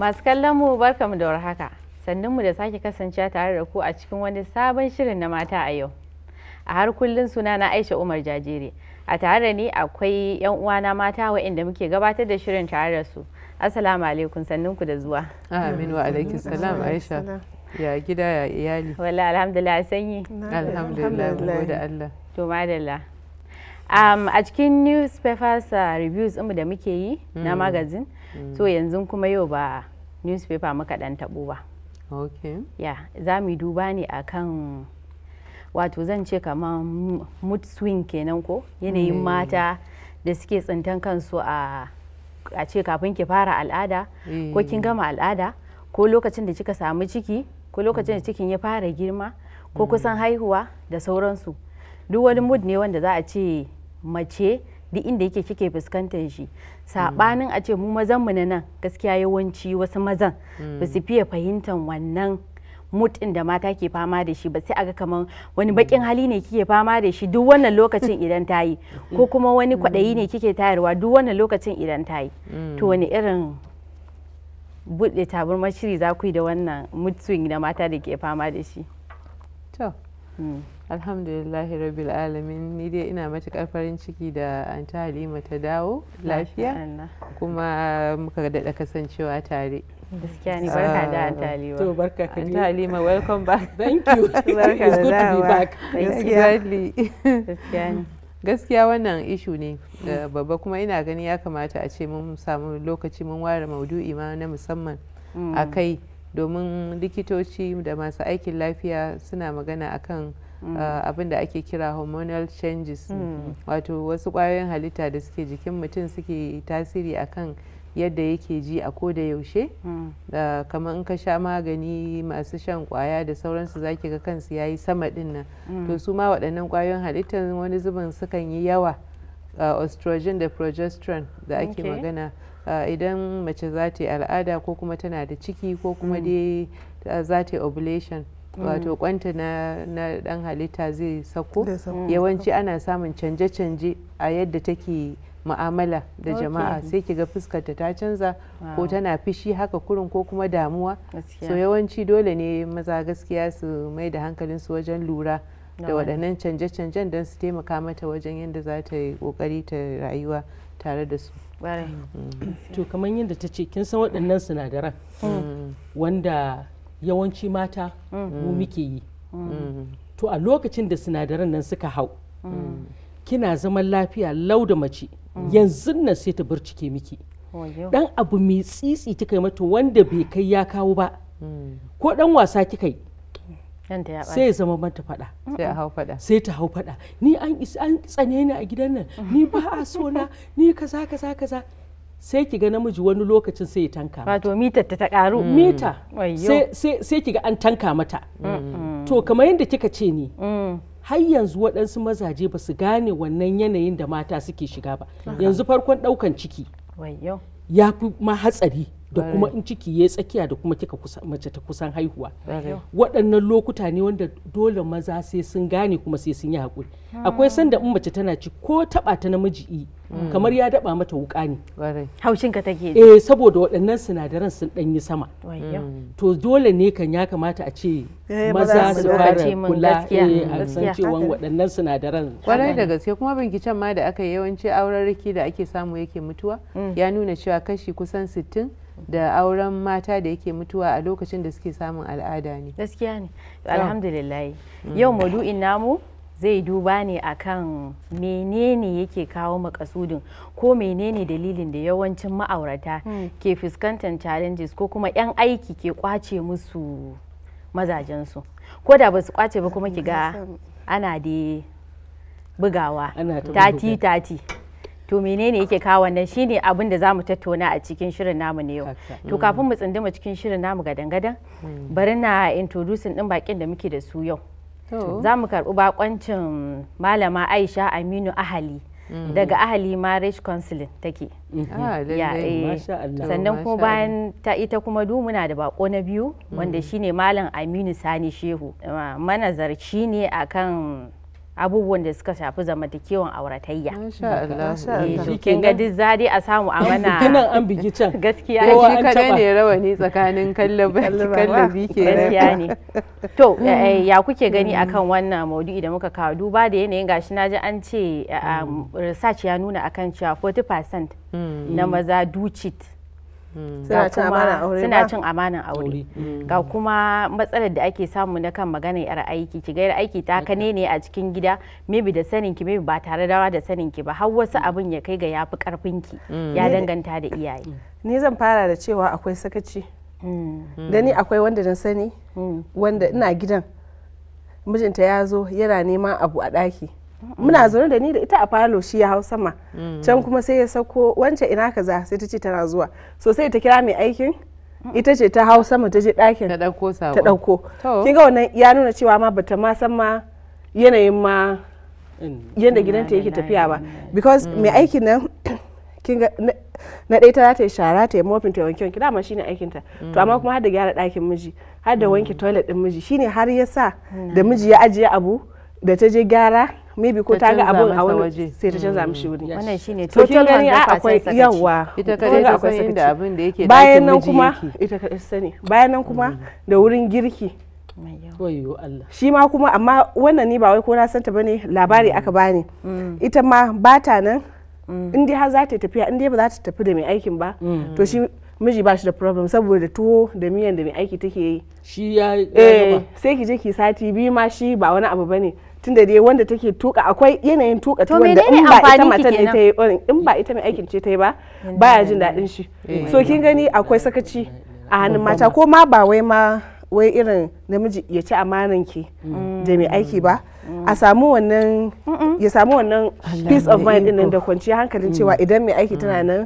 Masu kallon mu barkamu da warhaka. Sannun mu da sake kasancewa tare da ku a cikin wani sabon shirin na mata a yau. A har kullun suna na Aisha Umar Jajere. A tare da ni akwai yan uwana mata waɗanda muke gabatar da shirin tare da su. Assalamu alaikum sannun ku da zuwa. Amin wa alaikum salam Aisha. Ya gida ya iyali. Wala alhamdulillah sanyi. Alhamdulillah gode Allah. To madalla. a cikin newspapers uh, reviews mu da muke yi na mm. magazine Mm. so yanzu kuma yau ba newspaper muka dan tabo ba okay ya za mu duba ne akan wato zan ce kamar mood swing kenan ko yanayin mm. mata da suke tsintan kansu a a ce kafin ki fara al'ada ko eh. kin gama al'ada ko lokacin da kika samu ciki ko lokacin da mm. cikin ya fara girma ko kusan haihuwa da sauransu duk wani mood ne wanda za a ce mace duk inda yake kike fuskantar shi sabanin a ce mu mazan mu na nan gaskiya yawanci wasu mazan ba su fiye fahimtar wannan mutin da mata ke fama da shi ba sai aga kamar wani bakin hali ne kike fama da shi duk wannan lokacin idan ta yi ko kuma wani kwaɗayi ne kike tayarwa duk wannan lokacin idan ta yi to wani irin buɗe tabarmar shiri za ku yi da wannan mutuwin da mata da ke fama da shi hmm. alhamdulillahi rabbil alamin ni dai ina matuƙar farin ciki da anta halima ta dawo lafiya kuma muka daɗa kasancewa tare gaskiya ni barka da anta ah. to barka ka anta halima welcome back thank you barka da dawowa exactly gaskiya ne gaskiya wannan ishu ne eh, babba kuma ina gani ya kamata a ce mun samu lokaci mun ware maudu'i ma na musamman mm. a kai domin likitoci da masu aikin lafiya suna magana akan Mm. Ah, abin da ake kira hormonal changes mm. wato wasu kwayoyin halitta da suke jikin mutum suke tasiri akan yadda yake ji a koda yaushe mm. ah, kamar in ka sha magani masu shan kwaya da sauransu zaki ga kansu ya yi sama nan to su ma waɗannan kwayoyin halittar wani zubin sukan yi yawa ah, estrogen da progesterone da ake magana idan mace za ta yi al'ada ko kuma tana da ciki ko kuma dai za ta yi ovulation wato mm. kwanta na, na dan halitta zai sako mm. yawanci ana samun canje-canje a yadda take ma'amala da jama'a sai kiga fuskarta ta canza ko tana fishi haka kurin ko kuma damuwa so yawanci dole ne maza gaskiya su mai da hankalinsu wajen lura da waɗannan canje-canjen don su taimaka mata wajen yadda za ta yi ƙoƙari ta rayuwa tare da su mm. to kamar yadda ta ce kin san waɗannan sinadaran wanda yawanci mata mu mm. muke yi mm. to a lokacin da sinadaran nan suka hau mm. kina zaman lafiya lau da mace yanzu nan sai ta bircike miki dan abu mai tsitsi kika kai mata wanda bai kai ya kawo ba ko dan wasa kika yi sai ya zama mata fada sai ta hau fada ni an tsane ni a gidan nan ni ba a so na ni kaza kaza kaza sai ki ga namiji wani lokacin sai ya tanka wato mitar ta karu mm. mita sai ki ga an tanka mata mm. Mm. to kamar yadda kika ce ni har yanzu waɗansu mazaje ba su gane wannan yanayin da mata suke shiga ba yanzu farkon ɗaukan ciki ya fi ma hatsari da kuma in ciki ya tsakiya da kuma kika mace ta kusan haihuwa waɗannan lokuta ne wanda dole maza sai sun gane kuma sai sun yi haƙuri ah. akwai sanda in mace tana ci ko taɓa ta namiji mm. kamar ya daɓa mata wuka ne haushin ka take eh saboda waɗannan sinadaran sun ɗan yi sama mm. to dole ne kan ya kamata a ce eh, maza su fara kula eh, a san cewa waɗannan sinadaran kwarai da gaske kuma can ma da aka yi yawanci auren da ake samu yake mutuwa mm. ya nuna cewa kashi kusan sittin. da auren mata da yake mutuwa a lokacin da suke samun al'ada ne gaskiya ne alhamdulillah mm. yau maudu'in namu zai duba ne akan menene yake kawo makasudin ko menene dalilin da yawancin ma'aurata mm. ke fuskantar challenges ko kuma 'yan aiki ke kwace musu mazajensu ko da ba su kwace ba kuma ki ga ana da bugawa tati tati to menene yake kawo wannan shine abin da zamu tattauna a cikin shirin namu ne yau to kafin mm. mu tsinduma cikin shirin namu gadan gadan mm. bari na introduce din bakin da muke da su yau za mu karbi bakoncin malama Aisha Aminu Ahali mm. daga Ahali Marriage Counseling take mm-hmm. ah, eh, sannan kuma bayan ta ita kuma du muna da bako na biyu wanda shine malam Aminu Sani Shehu manazarci ne akan abubuwan da suka shafi zamantakewan auratayya. Eh, kin ga duk zadi a samu a mana. Tunan an bigi can. Gaskiya ne. Shi kaɗai ne rawani tsakanin kallabi ke Gaskiya ne. To mm. eh, ya kuke gani mm. akan wannan maudu'i da muka kawo duba da yanayin gashi na ji an ce eh, um, mm. research ya nuna akan cewa 40% na maza ducit. Mm. suna cin amanan aure mm. ga kuma matsalar da ake samu na kan magana yar aiki ki ga aiki ta mm. kane ne a cikin gida maybe da sanin ki maybe ba tare da da sanin ki ba har wasu abin ya kai ga yafi karfin ki ya danganta da iyaye ni zan fara da cewa akwai sakaci da ni akwai wanda na sani wanda ina gidan mijinta ya zo yana neman abu a daki. muna zaune da ni da ita a falo shi ya hau sama mm. can kuma sai ya sauko wancan ina ka za sai ta ce tana zuwa so sai ta kira mai aikin mm. ita ce ta hau sama ta je ɗakin ta ɗauko ta kin ga wannan ya nuna cewa ma bata ma san ma yanayin ma yanda gidanta yake tafiya ba because mm. mai aikin nan kin ga na ɗaya ta ta shara ta yi mofin ta wanke wanke dama shine aikin ta to amma kuma har da gyara ɗakin miji har da wanke toilet din miji shine har ya sa da miji ya ajiye abu da ta je gyara maybe ko ta ga abun a wani sai ta canza mishi wuri mm. wannan shine to kin gani akwai yawa ita kadai ta sakaci da abin da yake bayan nan kuma ita kadai sani bayan nan kuma mm. da wurin girki shi ma kuma amma wannan ni ba wai ko na santa bane labari mm. aka bani ita ma bata nan in dai har za ta tafiya in dai ba za ta tafi da mai aikin ba to shi miji ba shi da problem saboda tuwo da miyan da mai aiki take yi shi ya eh, sai ki je ki sati biyu ma shi ba wani abu bane tunda dai wanda take tuka akwai yanayin tuka tuwa wanda in ba ita matan ne ta yi oh, in ba ita mai aikin ce ta yi ba baya jin daɗin shi so kin gani akwai sakaci a hannun mata ko ma ba wai ma wai irin namiji ya ci amanan ki mm. da mai aiki ba mm. a samu wannan ya samu wannan peace of mind din da kwanciyar hankalin mm. cewa idan mai aiki tana nan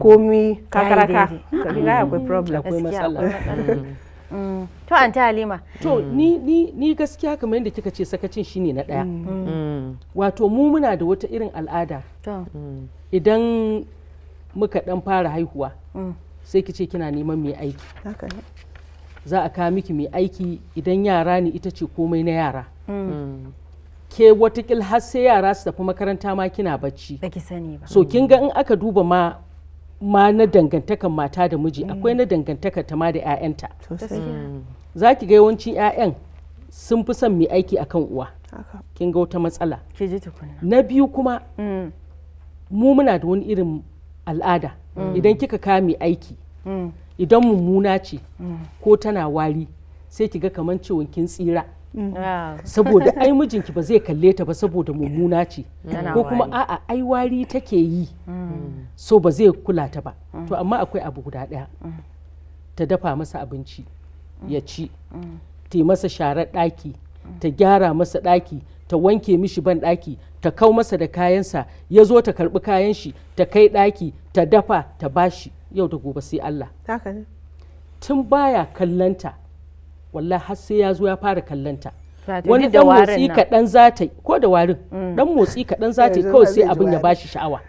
komi kakaraka ka akwai problem akwai matsala to an ta halima to mm. ni ni gaskiya kamar yadda kika ce sakacin shine na daya mm. mm. wato mu muna da wata irin al'ada idan muka dan fara haihuwa sai ki ce kina neman mai aiki za a kawo miki mai aiki idan yara ne ita ce komai na yara ke watakil har sai yara su tafi makaranta ma kina bacci so kin ga in aka duba ma ma na dangantakan mata da miji akwai na dangantaka ta ma da 'ya'yanta mm. za ki ga yawancin 'ya'yan sun fi son mai aiki akan uwa kin ga wata matsala na biyu kuma mm. mu muna da wani irin al'ada mm. idan kika kawo mai aiki idan mummuna ce ko tana wari sai ki ga kamar ciwon kin tsira Mm. Ah. saboda ai mijinki ba zai kalle ta ba saboda mummuna ce ko kuma a'a ai wari take yi mm. so ba zai kula ta ba mm. to amma akwai abu guda ɗaya ta dafa masa abinci ya ci ta masa sharar daki. ta gyara masa daki. ta wanke mishi ban daki. ta kau masa da kayansa ya zo ta karbi kayan shi ta kai daki. ta dafa ta bashi yau da gobe sai Allah tun baya kallanta wallahi har sai ya zo ya fara kallanta wani dan mm. motsi kaɗan za ta ko da warin dan motsi kaɗan za ta kawai sai abin ya bashi sha'awa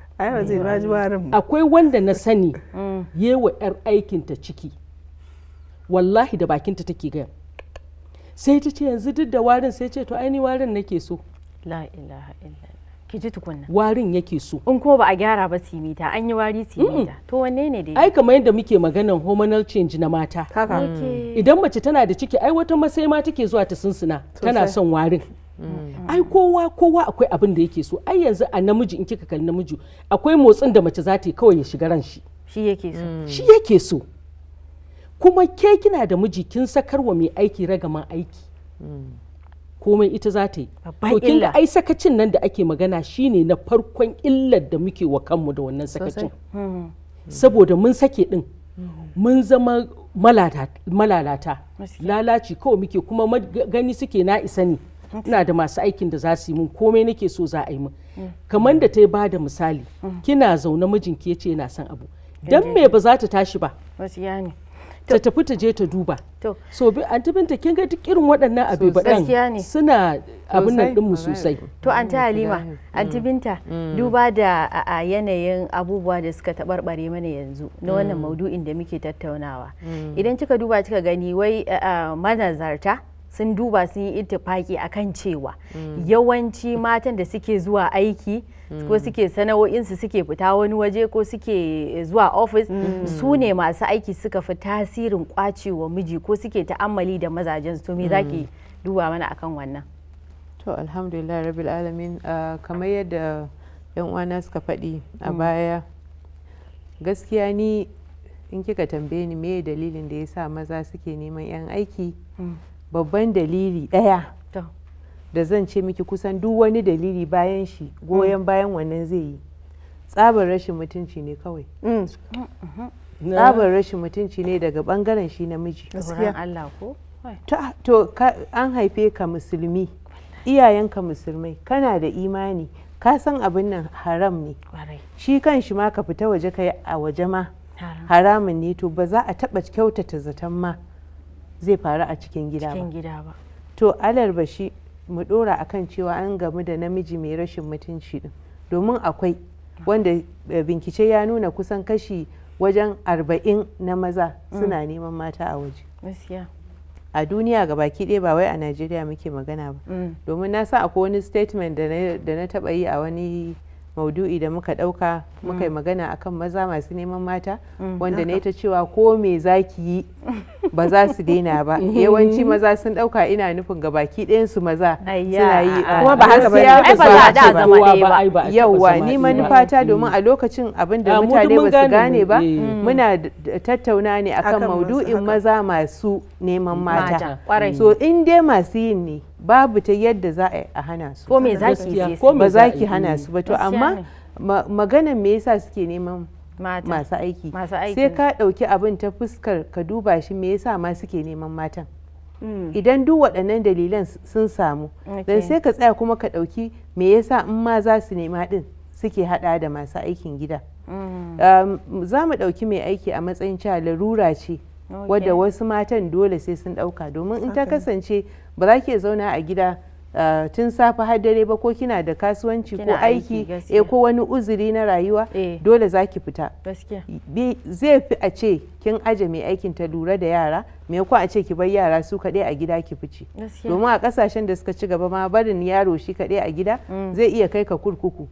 akwai wanda na sani mm. yewa yar aikinta ciki wallahi da bakinta take gaya sai ta ce yanzu duk da warin sai ce to aini warin nake so la ilaha illallah ki ji tukunna warin yake so in kuma ba a gyara ba simita an yi wari simita to wanne ne dai ai kamar yadda muke maganan hormonal change na mata mm. idan mace tana da ciki ai wata masai ma take zuwa ta sunsuna tana son warin mm. ai kowa kowa akwai abin da yake so ai yanzu a namiji in kika kalli namiji akwai motsin da mace za ta yi kawai ya shiga ran shi shi yake so mm. shi yake so kuma ke kina da miji kin sakarwa mai aiki ragaman aiki komai ita za ta yi Babban illa. kinga ai sakacin nan da ake magana shine na farkon illar da muke wa kanmu da wannan sakacin hmm. saboda mun sake din hmm. mun zama malalata lalaci kawai muke kuma gani suke na isa ne hmm. ina da masu aikin da za su yi mun komai nake so za a yi mun kamar da ta ba da misali kina zaune mijinki ya ce yana son abu dan me ba za ta tashi ba ta tafi ta je ta duba so an tabinta kin ga duk irin waɗannan abu baɗan suna abin nan ɗinmu sosai to an ta mm, halima an mm. Binta mm. duba da a yanayin abubuwa da suka taɓarɓare mana yanzu na wannan maudu'in da muke tattaunawa idan kika duba kika gani wai manazarta sun duba sun yi ittifaki kan cewa yawanci matan da suke zuwa aiki ko suke sana'o'insu suke fita wani waje ko suke zuwa ofis su ne masu aiki suka fi tasirin kwacewa miji ko suke ta'ammali da mazajen su me zaki duba mana akan wannan to alhamdulillah rabbil alamin ah, kamar yadda yan uwana suka faɗi a mm. baya gaskiya ni in kika tambaye ni me dalilin da yasa maza suke neman yan aiki mm. babban dalili ɗaya da zan ce miki kusan duk wani dalili bayan shi goyon mm. bayan wannan zai yi tsabar rashin mutunci ne kawai mm. tsabar rashin mutunci ne daga bangaren shi namiji to an haife ka musulmi iyayen ka musulmai kana da imani ka san abin nan haram ne shi kan shi ma ka fita waje ka yi a waje ma haramun ne to ba za a taɓa kyautata zaton ma zai faru a cikin gida ba to alarba shi mu dora kan cewa an gamu da namiji mai rashin mutunci din domin akwai wanda eh, bincike ya nuna kusan kashi wajen arba'in na maza suna mm. neman mata a waje a duniya ga baki ɗaya ba wai a najeriya muke magana ba mm. domin na sa akwai wani statement da na taɓa yi a wani maudu'i da muka dauka muka yi mm. magana akan maza masu neman mata mm. wanda na ita cewa ko me za ki yi ba za su daina ba yawanci maza sun dauka ina nufin ga baki ɗayan su maza suna yi kuma ba har ba da ba yawwa ni manufata mm. domin a lokacin abin da mutane ba su gane ba eh. muna tattauna ne akan maudu'in maza masu neman mata so in dai masu yin ne babu ta yadda za a hana su ko me zaki ba za hana su ba to amma maganan me yasa suke neman masu aiki sai ka ɗauki abin ta fuskar ka duba shi me yasa ma suke neman matan hmm. idan duk waɗannan dalilan sun samu dan sai ka tsaya kuma ka ɗauki me yasa in ma za su nema din suke haɗa da masu aikin gida hmm. za mu ɗauki mai aiki a matsayin cewa larura ce wadda wasu matan dole sai sun ɗauka domin in ta kasance ba za ki zauna a gida tun safe har dare ba ko kina da kasuwanci ko aiki e ko wani uzuri na rayuwa eh. dole za ki fita zai fi a ce kin aje mai aikin ta lura da yara mai ko a ce ki bar yara su kaɗai a gida ki fice domin a ƙasashen da suka ci gaba ma barin yaro shi kaɗai a gida mm. zai iya kai ka kurkuku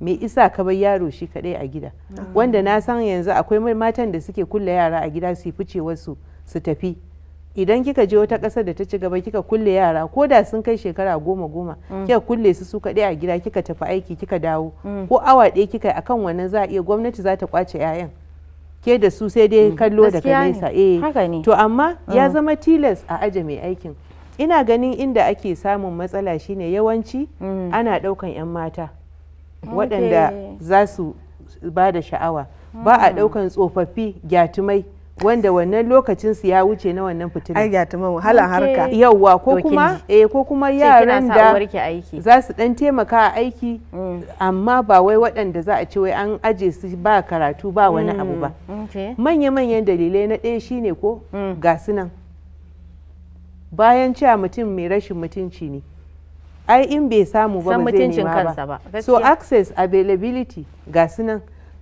me isa ka bar yaro shi kadai a gida ah. wanda na san yanzu akwai matan da suke kulle yara a gida su fice wasu su tafi idan kika je wata ƙasar da ta ci gaba kika kulle yara ko da sun kai shekara goma goma mm. kika kulle su su kaɗai a gida kika tafi aiki kika dawo mm. ko awa ɗaya kika akan wannan za a iya gwamnati za ta kwace 'ya'yan ke da su sai dai mm. kallo da nesa eh to amma ya zama tilas a aje mai aikin ina ganin inda ake samun matsala shine yawanci ana ɗaukan 'yan mata waɗanda za su ba da sha'awa ba a hmm. ɗaukan tsofaffi gyatumai wanda wannan lokacinsu ya wuce na wannan fitina. Ai gyatumai wahalar harka. yauwa ko kuma eh ko kuma yaran da za su dan taimaka a aiki hmm. amma ba wai waɗanda za a ce wai an aje su ba karatu ba wani hmm. abu ba. Manya-manyan dalilai na ɗaya shine ko ga nan. Bayan cewa mutum mai rashin mutunci ne. ai in bai samu ba ba zai nema ba so access availability ga nan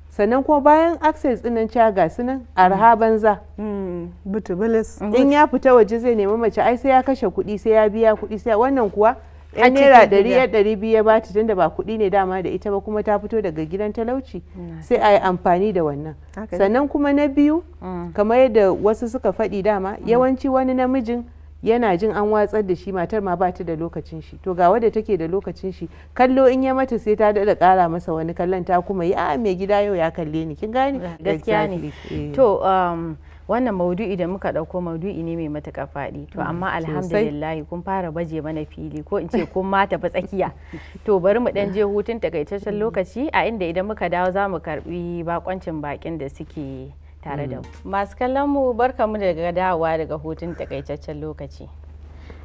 sannan kuma bayan access nan cewa ga nan arha mm. banza mm. butubulis mm-hmm. in ya fita waje zai nemi mace ai sai ya kashe kuɗi sai ya biya kuɗi sai wannan kuwa yan naira ɗari ya ɗari biyu ya bata tunda ba kuɗi ne dama da ita ba kuma ta fito daga gidan talauci sai a yi amfani da wannan sannan kuma na biyu mm. kamar yadda wasu suka faɗi dama yawanci wani namijin yana jin an watsar da shi matar ma bata da lokacin shi to ga wadda take da lokacin shi kallo in ya mata sai ta dada kara masa wani kallon ta kuma yi a mai gida yau ya kalle ni kin gane gaskiya ne eh. to um, wannan maudu'i da muka dauko maudu'i ne mai matuƙa faɗi to mm, amma alhamdulillah kun fara baje mana fili ko in ce kun mata ba tsakiya to bari mu ɗan je hutun takaitaccen lokaci a inda idan muka dawo za mu karɓi bakoncin bakin da suke tare da mm. mu masu kallon mu barkamu daga dawowa daga hutun takaitaccen lokaci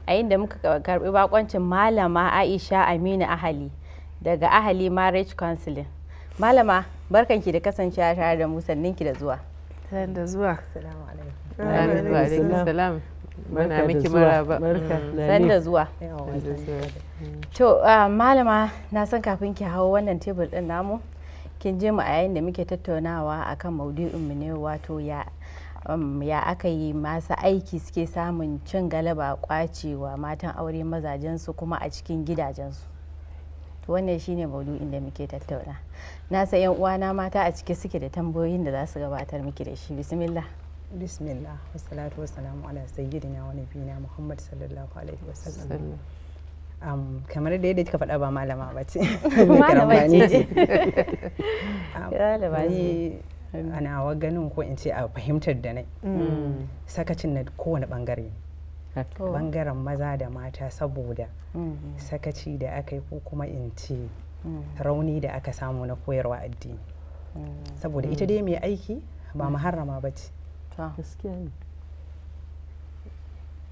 a inda muka karbi bakoncin malama aisha aminu ahali daga ahali marriage counseling malama ki da kasancewa tare da mu ki da zuwa da zuwa salamu mana miki maraba mm. san da zuwa mm. to ah, malama na san kafin ki hawo wannan tebul din namu kin je mu a yayin da muke tattaunawa a kan maudu'in mu ne wato um, ya aka yi masu aiki suke samun cin galaba kwacewa matan aure mazajensu kuma a cikin gidajensu to wannan shine maudu'in da muke tattauna na san yan uwana mata a cike suke da tambayoyin da za su gabatar miki da shi bismillah bismillah wassalatu wassalamu ala sayyidina wa nabiyina muhammad sallallahu alaihi wasallam kamar da yadda kika faɗa ba malama ba ce malama ce ana wa ganin ko in ce a fahimtar da nai mm. sakacin na kowane bangare bangaren maza da mata saboda mm. sakaci da aka yi ko kuma in ce mm. rauni da aka samu na koyarwa addini saboda ita dai mai aiki ba muharrama ba ce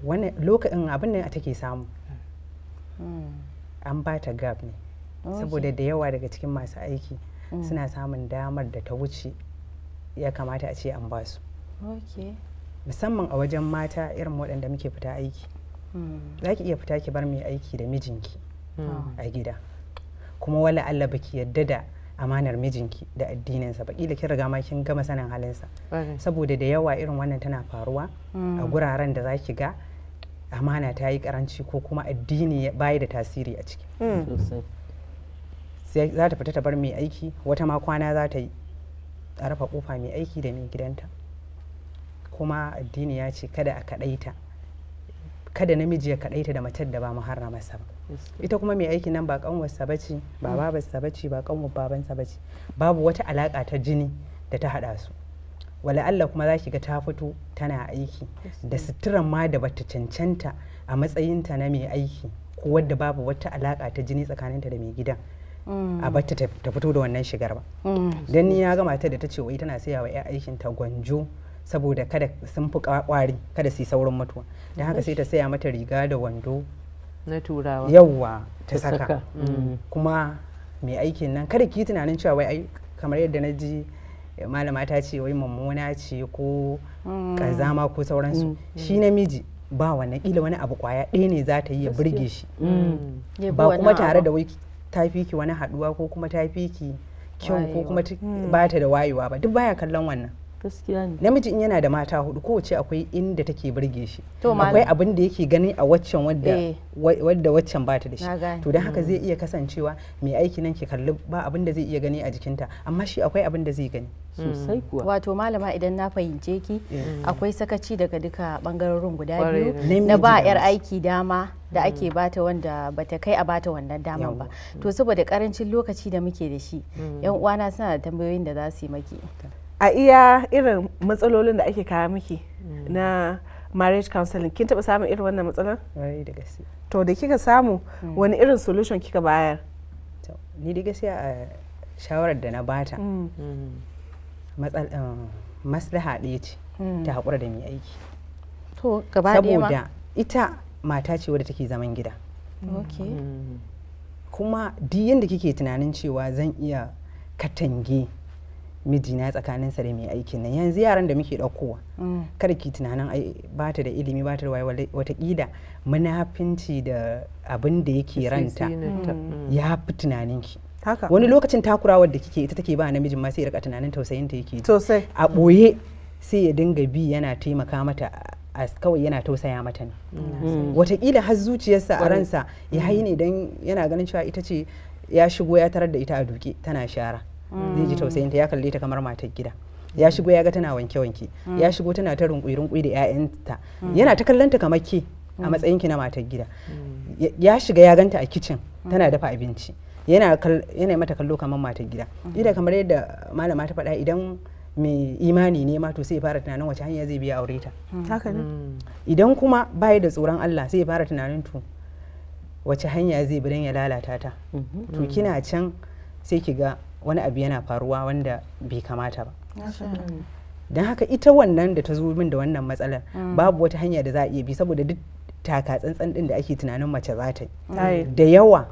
wani lokacin abin da take samu Hmm. an ba ta gab ne saboda da yawa daga cikin masu aiki hmm. suna samun damar da ta wuce ya kamata a ce an ba su musamman a wajen mata irin waɗanda muke fita aiki hmm. za ki iya fita ki bar mai aiki da mijinki a gida kuma wala Allah baki yadda da amanar mijinki da addininsa baki da kin riga ma kin gama sanin halinsa saboda da yawa irin wannan tana faruwa a guraren da za ki ga amana ta yi karanci ko kuma addini bayi da tasiri a ciki hmm. sai za ta fita ta bar mai aiki wata ma kwana za ta yi a rufe kofa mai aiki da mai gidanta kuma addini ya ce kada a kadaita kada namiji ya kadaita da matar da ba muharramarsa ba ita kuma mai aiki nan ba kanwarsa ba ce ba hmm. babarsa ba ce ba kanwar babansa ba ce babu wata alaka ta jini da ta hada su wala Allah kuma za ki ga ta fito tana aiki da suturan ma da bata cancanta a matsayinta na mai aiki ko wadda babu wata alaka ta jini tsakaninta da mai gidan mm. a bata ta fito da wannan shigar ba mm. don ni ya ga matar da ta ce wai tana saya wa 'ya aikin ta gwanjo saboda kada sun fi kwari kada su yi saurin mutuwa don haka sai ta saya mata riga da wando na turawa yawwa ta saka mm. kuma mai aikin nan kada ki tunanin cewa wai kamar yadda na ji malama ta ce wai mummuna ce ko mm. kazama ko sauransu mm. shi namiji ba wannan kila wani abu kwaya ɗaya ne za ta yi ya burge shi mm. ba kuma tare da wai ta fi ki wani haduwa ko kuma ta fi ki kyau ko kuma ba ta da wayewa ba duk baya kallon wannan gaskiya ne namiji in yana da mata hudu kowace akwai inda take burge shi akwai abin da yake gani a waccan wadda eh. wadda waccan ba ta da shi to don haka mm. zai iya kasancewa mai aiki nan ke kalli ba abin da zai iya gani a jikinta amma shi akwai abin da zai gani sosai kuwa mm. wato malama idan na fahimce ki eh. mm. akwai sakaci daga duka bangarorin guda biyu na ba yar aiki dama da ake bata wanda bata kai a bata wannan dama ba to saboda karancin lokaci da muke da shi yan uwana suna da tambayoyin da za su yi maki a iya irin matsalolin da ake kawo miki na marriage counseling kin taba samun irin wannan matsalar? da gaske. To da kika samu hmm. wani irin solution kika bayar? Ni da a shawarar da na bata hmm. Hmm, eh, maslaha ɗaya ce ta haƙura da mai aiki. To gaba Saboda ita mata ce wadda take zaman gida. Kuma duk yadda kike tunanin cewa zan iya katange mijina tsakaninsa da mai aikin nan yanzu yaran da muke ɗaukowa mm. kada ki tunanin ba ta da ilimi ba ta da watakila munafinci da abin da yake ranta mm. Mm. ya fi tunaninki wani lokacin takurawar da kike ita take ba namijin ma sai ya rika tunanin tausayinta yake sosai a boye sai ya dinga bi yana taimaka mata as kawai yana tausaya mata ne watakila har zuciyarsa a ransa ya haini don yana ganin cewa ita ce ya shigo ya tarar da ita a duke tana shara zai ji tausayin ta ya kalle ta kamar matar gida ya shigo ya ga tana wanke wanke ya shigo tana ta rinkui rinkui da ƴaƴanta yana ta kallon ta kamar ke a matsayin ki na matar gida ya shiga ya ganta a kicin tana dafa abinci yana yana mata kallo kamar matar gida ida kamar yadda malama ta faɗa idan mai imani ne ma to sai fara tunanin wace hanya zai biya aure ta haka ne hmm. idan kuma bai da tsoron Allah sai fara tunanin to wace hanya zai bi ya lalata ta mhm. to kina can sai ki ga wani abu yana faruwa wanda bai kamata ba don haka ita wannan da ta zo min da wannan matsalar mm. babu wata hanya da za a iya bi saboda duk taka tsantsan din da ake tunanin mace za ta yi da yawa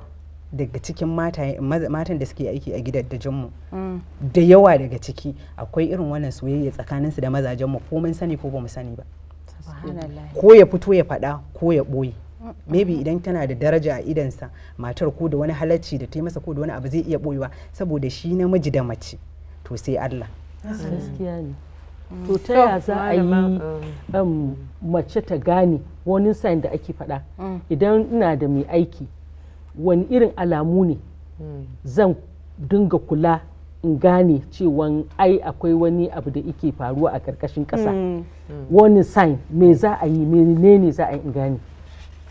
daga cikin matan da suke aiki a mu. Mm. da yawa daga ciki akwai irin wannan soyayya su da mazajen mu ko mun sani ko ba mu sani ba ko ya fito ya faɗa ko ya ɓoye maybe idan tana da daraja a idansa matar ko da wani halacci da ta yi masa ko da wani abu zai iya boyewa saboda shi namiji da mace to sai Allah ah, gaskiya mm. to ta ya za a yi um, mm. um, mace ta gane wani sign da ake faɗa mm. idan ina da mai aiki wani irin alamu ne zan dinga kula in gane cewa ai akwai wani abu da ike faruwa a ƙarƙashin ƙasa wani sign me za a yi menene za a yi in gane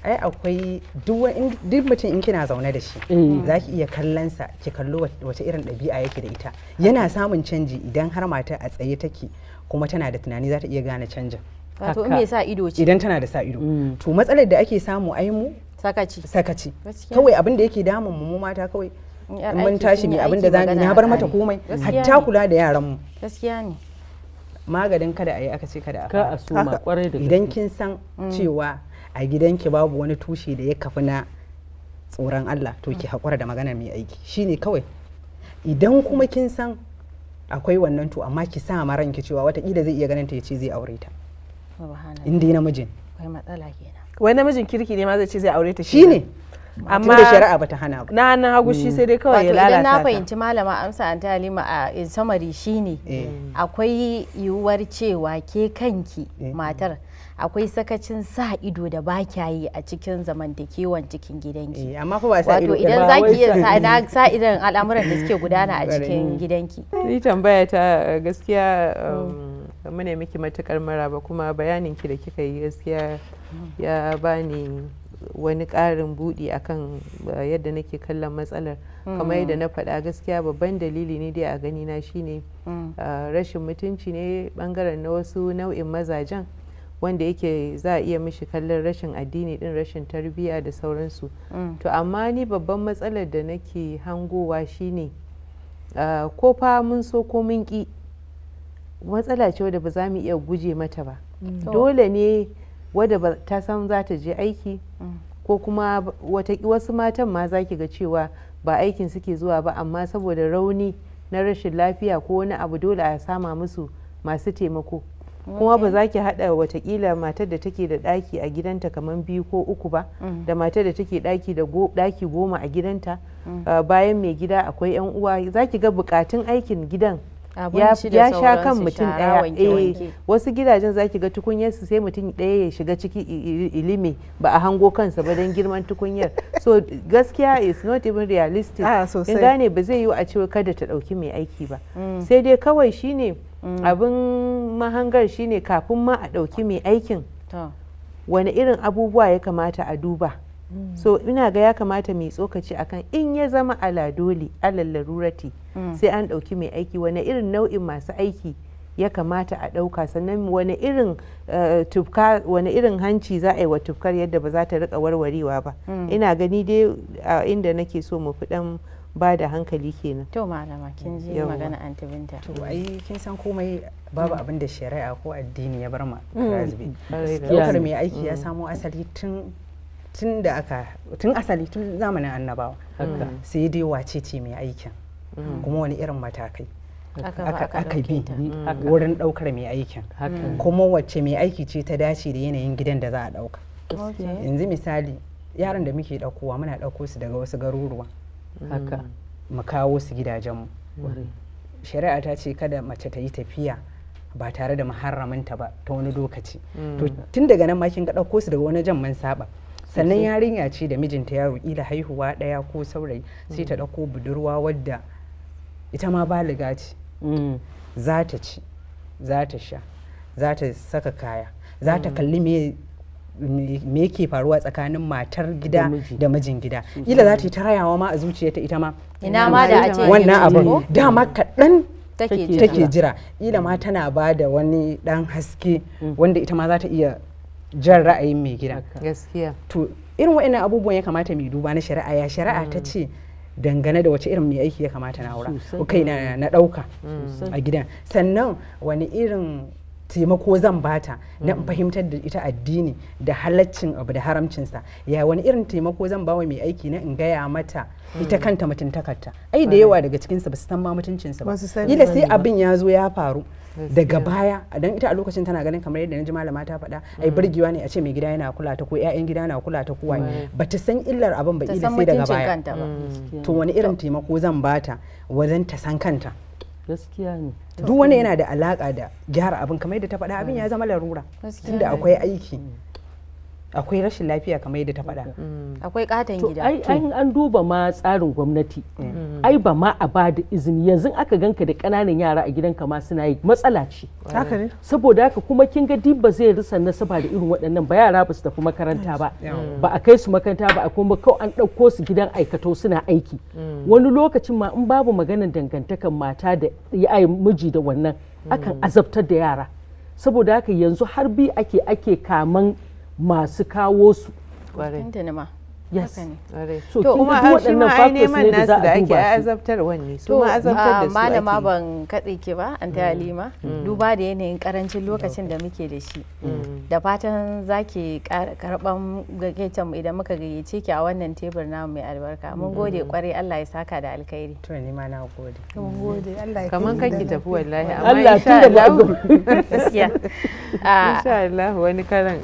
ai akwai duk mutum in kina zaune da shi eh. za ki iya kallonsa. ki kallo wace irin ɗabi'a yake da ita yana samun canji idan har mata a tsaye take kuma tana da tunani za ta iya gane canjin wato in me sa ido ce idan tana da sa ido mm. to matsalar da ake samu ai mu sakaci sakaci kawai abin da yake damun mu mata kawai mun tashi ne abin da zamu ya bar mata komai hatta kula da yaran mu gaskiya ne maganin kada a yi aka ce kada a fara idan kin san mm. cewa a gidanki babu wani tushe da ya kafi na tsoron Allah to ki mm. haƙura da magana mai aiki shine kawai idan kuma kin san akwai wannan to amma ki sa ma ranki cewa watakila zai iya ganin ta ya zai aure ta in dai namijin akwai matsala kenan wai namijin kirki ne ma zai ce zai aure ta shine amma da shari'a bata hana ba na na hagu shi mm. sai dai kawai ya lalata idan na fahimci malama amsa anta halima a samari shine eh. akwai yiwuwar cewa ke kanki eh. matar akwai sakacin sa ido da ba kya yi a cikin zamantakewan cikin gidanki eh, amma ba sa ido wato idan zaki iya sa idan al'amuran da suke gudana a cikin gidanki ni tambaya ta eh, gaskiya um, mm. muna miki matukar maraba kuma bayanin ki da kika yi gaskiya ya bani wani karin buɗi akan eh, yadda nake kallon matsalar kamar yadda na mm. faɗa gaskiya babban dalili ne dai a ganina shine mm. rashin mutunci ne bangaren na wasu nau'in mazajen wanda yake za a iya mishi kallon rashin addini din rashin tarbiyya da sauransu mm. to amma ni babban matsalar da nake hangowa shine ko fa mun so ko mun ki matsala ce wadda ba za mu iya guje mata ba mm. dole ne wadda ta san za ta je aiki mm. ko kuma wasu matan ma za ki ga cewa ba aikin suke zuwa ba amma saboda rauni na rashin lafiya ko wani abu dole a sama musu masu taimako kuma ba za ki haɗa watakila matar da take da daki a gidanta kamar biyu ko uku ba mm. da matar da take daki da daki goma a gidanta mm. ah, bayan mai gida akwai yan uwa za ki ga bukatun aikin gidan ya sha kan mutum daya. Eh, wasu gidajen za ki ga tukunyarsu sai mutum daya ya shiga ciki ilimi ba a hango kansa ba don girman tukunyar so gaskiya is not even realistic ah, in gane ba zai yi a cewa kada ta ɗauki mai aiki ba mm. sai dai kawai shine ne Mm. abin mahangar shine kafin ma a ɗauki mai aikin wani irin abubuwa ya kamata a duba mm. so ina ga ya kamata mai tsokaci akan in ya zama ala dole mm. sai an ɗauki mai aiki wani irin nau'in masu aiki ya kamata a ɗauka sannan wani irin eh, tufka wani irin hanci za a yi wa tufkar yadda ba za ta rika warwarewa ba ina gani dai a inda nake so mu fi ɗan ba da hankali kenan to malama kin ji magana anti binta to ai kin san komai babu abin da shari'a ko addini ya bar ma mm. razbi mm, mai aiki ya mm. samo asali tun tun da aka tun asali tun zamanin annabawa sai dai wace ce mai aikin kuma wani irin matakai aka bi wurin daukar mai aikin kuma wacce mai aiki ce ta dace da yanayin gidan da za a ɗauka yanzu misali yaran da muke daukowa muna dauko su daga wasu garuruwa Mm. mu kawo su gidajen mu. shari'a ta ce kada mace ta yi tafiya ba tare da muharraminta ba ta wani lokaci mm. to tun daga nan ma kin ga ɗauko su daga wani jan man saba sannan yarinya ce da mijinta yaro da haihuwa ɗaya ko saurayi sai ta mm. ɗauko budurwa wadda ita ma baliga ce za ta ci za ta sha za ta saka kaya za ta kalli me me yake faruwa tsakanin matar gida da mijin gida ila za ta yi ta rayawa ma a zuciyarta ita ma ina ma da a ce wannan abin dama kaɗan take jira ila ma tana ba da wani ɗan haske wanda ita ma za ta iya jan ra'ayin mai gida gaskiya to irin wa'annan abubuwan ya kamata mai duba na shari'a ya shari'a ta mm. ce dangane da wace irin mai aiki ya kamata na aura kai na ɗauka a gidan sannan wani irin taimako zan bata na mm. fahimtar da ita addini da halaccin abu da haramcinsa ya wani irin taimako zan bawa mai aiki na in gaya mata ita mm. kanta mutuntakarta ai da yawa daga cikinsa ba su san ma mutuncinsa ba ila sai abin ya zo ya faru daga baya dan ita a lokacin tana ganin kamar yadda na ji malama ta faɗa ai mm. birgiwa ne a ce mai gida yana kula ta ko ƴaƴan gida na kula ta kowa ba ta san illar abin ba ila sai daga baya to wani irin taimako zan bata wajen ta san kanta gaskiya ne duk wani yana da alaka da gyara abin kamar yadda ta faɗa abin ya zama larura tunda akwai aiki mm. akwai rashin lafiya kamar yadda ta faɗa mm. akwai katon gida ai an duba ma tsarin gwamnati mm. ai ba ma a ba da izini yanzu aka ganka da ƙananan yara a ka ma suna yi matsala ce saboda haka kuma kin ga ba zai risa nasaba da irin waɗannan ba yara basu tafi makaranta ba ba a kai su makaranta ba a kuma kawai an ɗauko su gidan aikato suna aiki mm. wani lokacin ma in babu maganar dangantakan mata da ya miji da wannan akan azabtar da yara saboda haka yanzu har bi ake ake kaman masu kawo su yes so to kuma shi ma ai neman nasu da ake azabtarwa ne su ma azabtar da su ake malama ban katse ki ba an ta mm. halima mm. duba da yanayin karancin lokacin da muke da shi mm. da fatan zaki karban gagaitan mu idan muka gayyace ki a wannan tebur namu mai albarka mun gode kwarai Allah ya saka da alkhairi to ni ma na gode mun gode Allah ya kaman kanki tafi wallahi amma insha Allah gaskiya insha Allah wani karan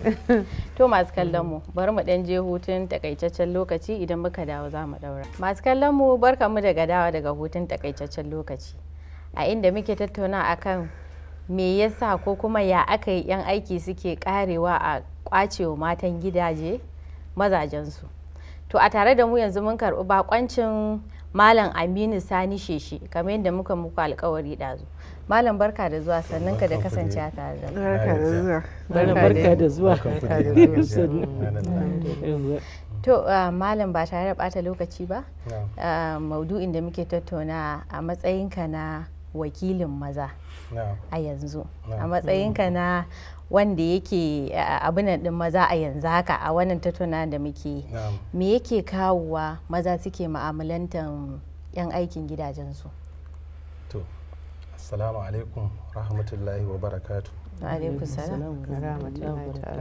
to masu kallon mu bari mu dan je hutun takaitaccen takaitaccen lokaci idan muka dawo za mu daura. Masu kallon mu barka mu daga dawa daga hutun takaitaccen lokaci. A inda muke tattauna akan me yasa ko kuma ya aka yi 'yan aiki suke karewa a kwacewa matan gidaje mazajensu. To a tare da mu yanzu mun karɓi bakoncin Malam Aminu Sani Sheshe kamar yadda muka muku alkawari ɗazu. Malam barka da zuwa sannan ka da kasance tare da Barka da zuwa. Barka da zuwa. to ah, malam ba tare da bata lokaci ba ah, maudu'in da muke tattauna a matsayinka na wakilin maza a yanzu a matsayinka na wanda yake abinan din maza a yanzu haka a wannan tattauna da muke me yake kawowa maza suke ma'amalantan 'yan aikin gidajensu to assalamu alaikum rahmatullahi wa barakatu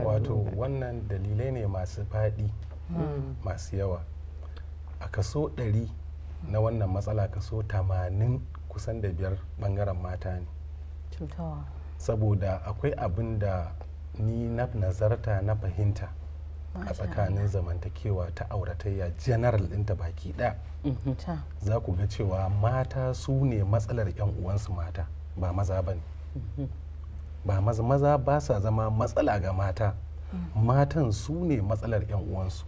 wato wannan dalilai ne masu faɗi Hmm. masu yawa a kaso 100 na wannan matsala kaso 80 kusan da biyar bangaren mata ne saboda akwai abin da ni na nazarta na fahimta a tsakanin zamantakewa ta auratayya general ɗinta baki ɗaya mm-hmm. za ku ga cewa mata su ne matsalar 'yan uwansu mata ba maza ba ne mm-hmm. ba maza ba sa zama matsala ga mata mm. matan su ne matsalar 'yan uwansu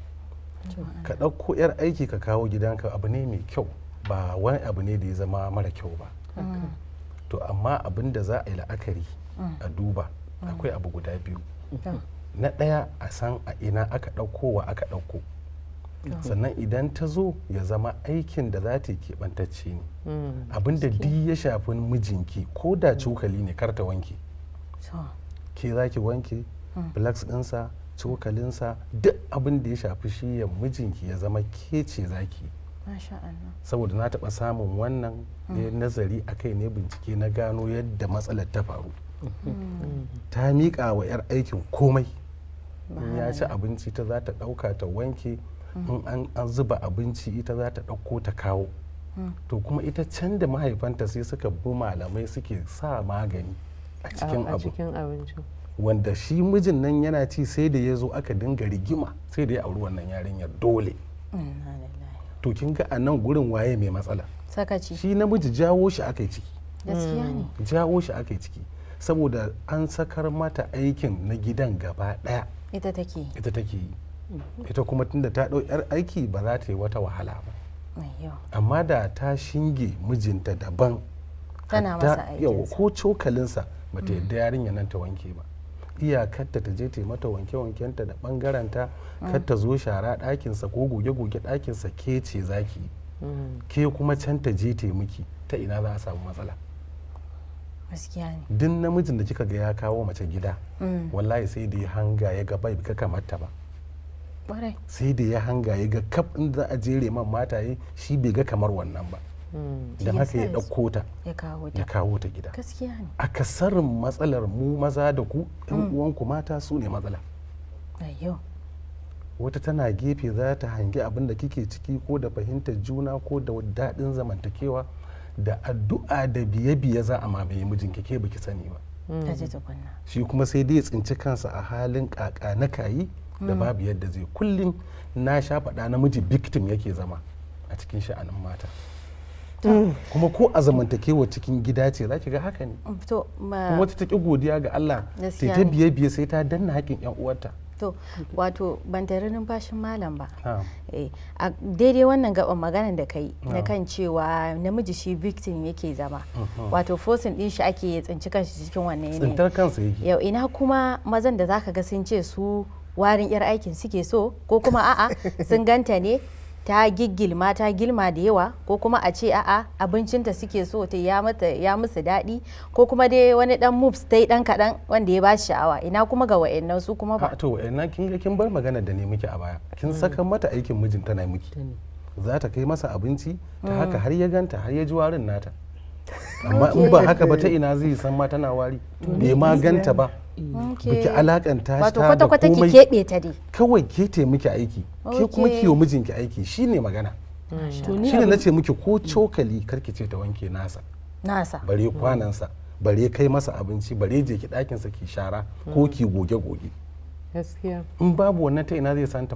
ka ɗauko 'yar aiki ka kawo gidanka abu ne mai kyau ba wani abu ne da ya zama mara kyau ba to amma abin da za a yi la'akari mm. a duba mm. akwai abu guda biyu na ɗaya a san a ina aka ɗauko wa aka ɗauko sannan idan ta zo ya zama aikin da za ta keɓantacce ne mm. abin da duk ya shafi mijinki ko da cokali ne kar ta wanke ke za ki wanke blacks ɗinsa cokalinsa duk abin da ya shafi shi ya mijinki ya zama ke ce zaki saboda na taɓa samun wannan mm. eh, nazari a kai ne bincike na gano yadda matsalar ta faru mm. ta miƙa wa 'yar aikin komai ya ci abinci ta za ta ɗauka ta wanke mm. in an zuba abinci ita za ta ɗauko ta kawo to kuma ita can da mahaifanta sai suka bi malamai suke sa magani a cikin abinci wanda shi mijin nan yana ci sai da ya zo aka dinga rigima sai da ya auri wannan yarinyar dole to kin ga a nan gurin waye mai matsala shi namiji jawo shi aka yi ciki mm. jawo shi aka yi ciki saboda an sakar mata aikin na gidan gaba daya ita take yi mm-hmm. ita kuma tunda ta ɗau yar aiki ba za ta yi wata wahala ba amma da ta shinge mijinta daban tana ko cokalinsa bata yadda yarinya nan ta wanke ba iyakarta ta je ta mata wanke-wankenta da bangaranta kar ta zo shara ɗakinsa ko goge-goge ɗakinsa ke ce zaki mm. ke kuma can ta je ta miki ta ina za a samu matsala duk namijin da kika ga ya kawo mace gida mm. wallahi sai da ya hanga ya ga bai ka kamata ba sai da ya hanga ya ga kaf in za a jere man mataye shi bai ga kamar wannan ba Mm. da haka ya ɗauko ta ya kawo ta gida a kasarin matsalar mu maza da ku yan mm. uwanku mata su ne matsala wata tana gefe za ta hangi abin da kike ciki ko da fahimtar juna ko da daɗin zamantakewa da addu'a da biye-biye za a mamaye mijin ke baki sani ba mm. shi kuma sai dai tsinci kansa a halin kaka na kayi da babu yadda zai kullum na sha faɗa namiji victim yake zama a cikin sha'anin mata Mm. kuma ko a zamantakewa cikin gida ce za ki ga haka ne mm, kuma ta ki godiya ga Allah ta ta biye biye sai ta danna haƙin yan uwarta to wato ban tare numfashin malam ba eh, a daidai wannan gaban maganar da kai na kan cewa namiji shi victim yake zama wato forcing din shi ake tsinci kanshi cikin wannan yanayi tsintar kansa yake yau ina kuma mazan da zaka ga sun ce su warin yar aikin suke so ko kuma a'a sun ganta ne ta giggilma ta gilma da yawa ko kuma a ce a'a abincinta suke so ta ya musu daɗi ko kuma dai wani dan moves ta yi dan kaɗan wanda ya ba sha'awa ina kuma ga wa'annan su kuma ba to wa'annan kin kin bar magana da ne miki a baya kin saka mata aikin mijin tana miki za ta kai masa abinci ta mm. haka har ya ganta har ya ji warin nata amma in ba haka ba ta ina zai san ma tana wari bai ma ganta ba biki alakanta ta da komai kawai ke te miki aiki ke kuma ki yi mijinki aiki shine magana shine nace miki ko cokali karki ce ta wanke nasa nasa bare kwanansa bare kai masa abinci bare je ki ɗakinsa ki shara ko hmm. ki goge goge in babu wannan ta ina zai san ta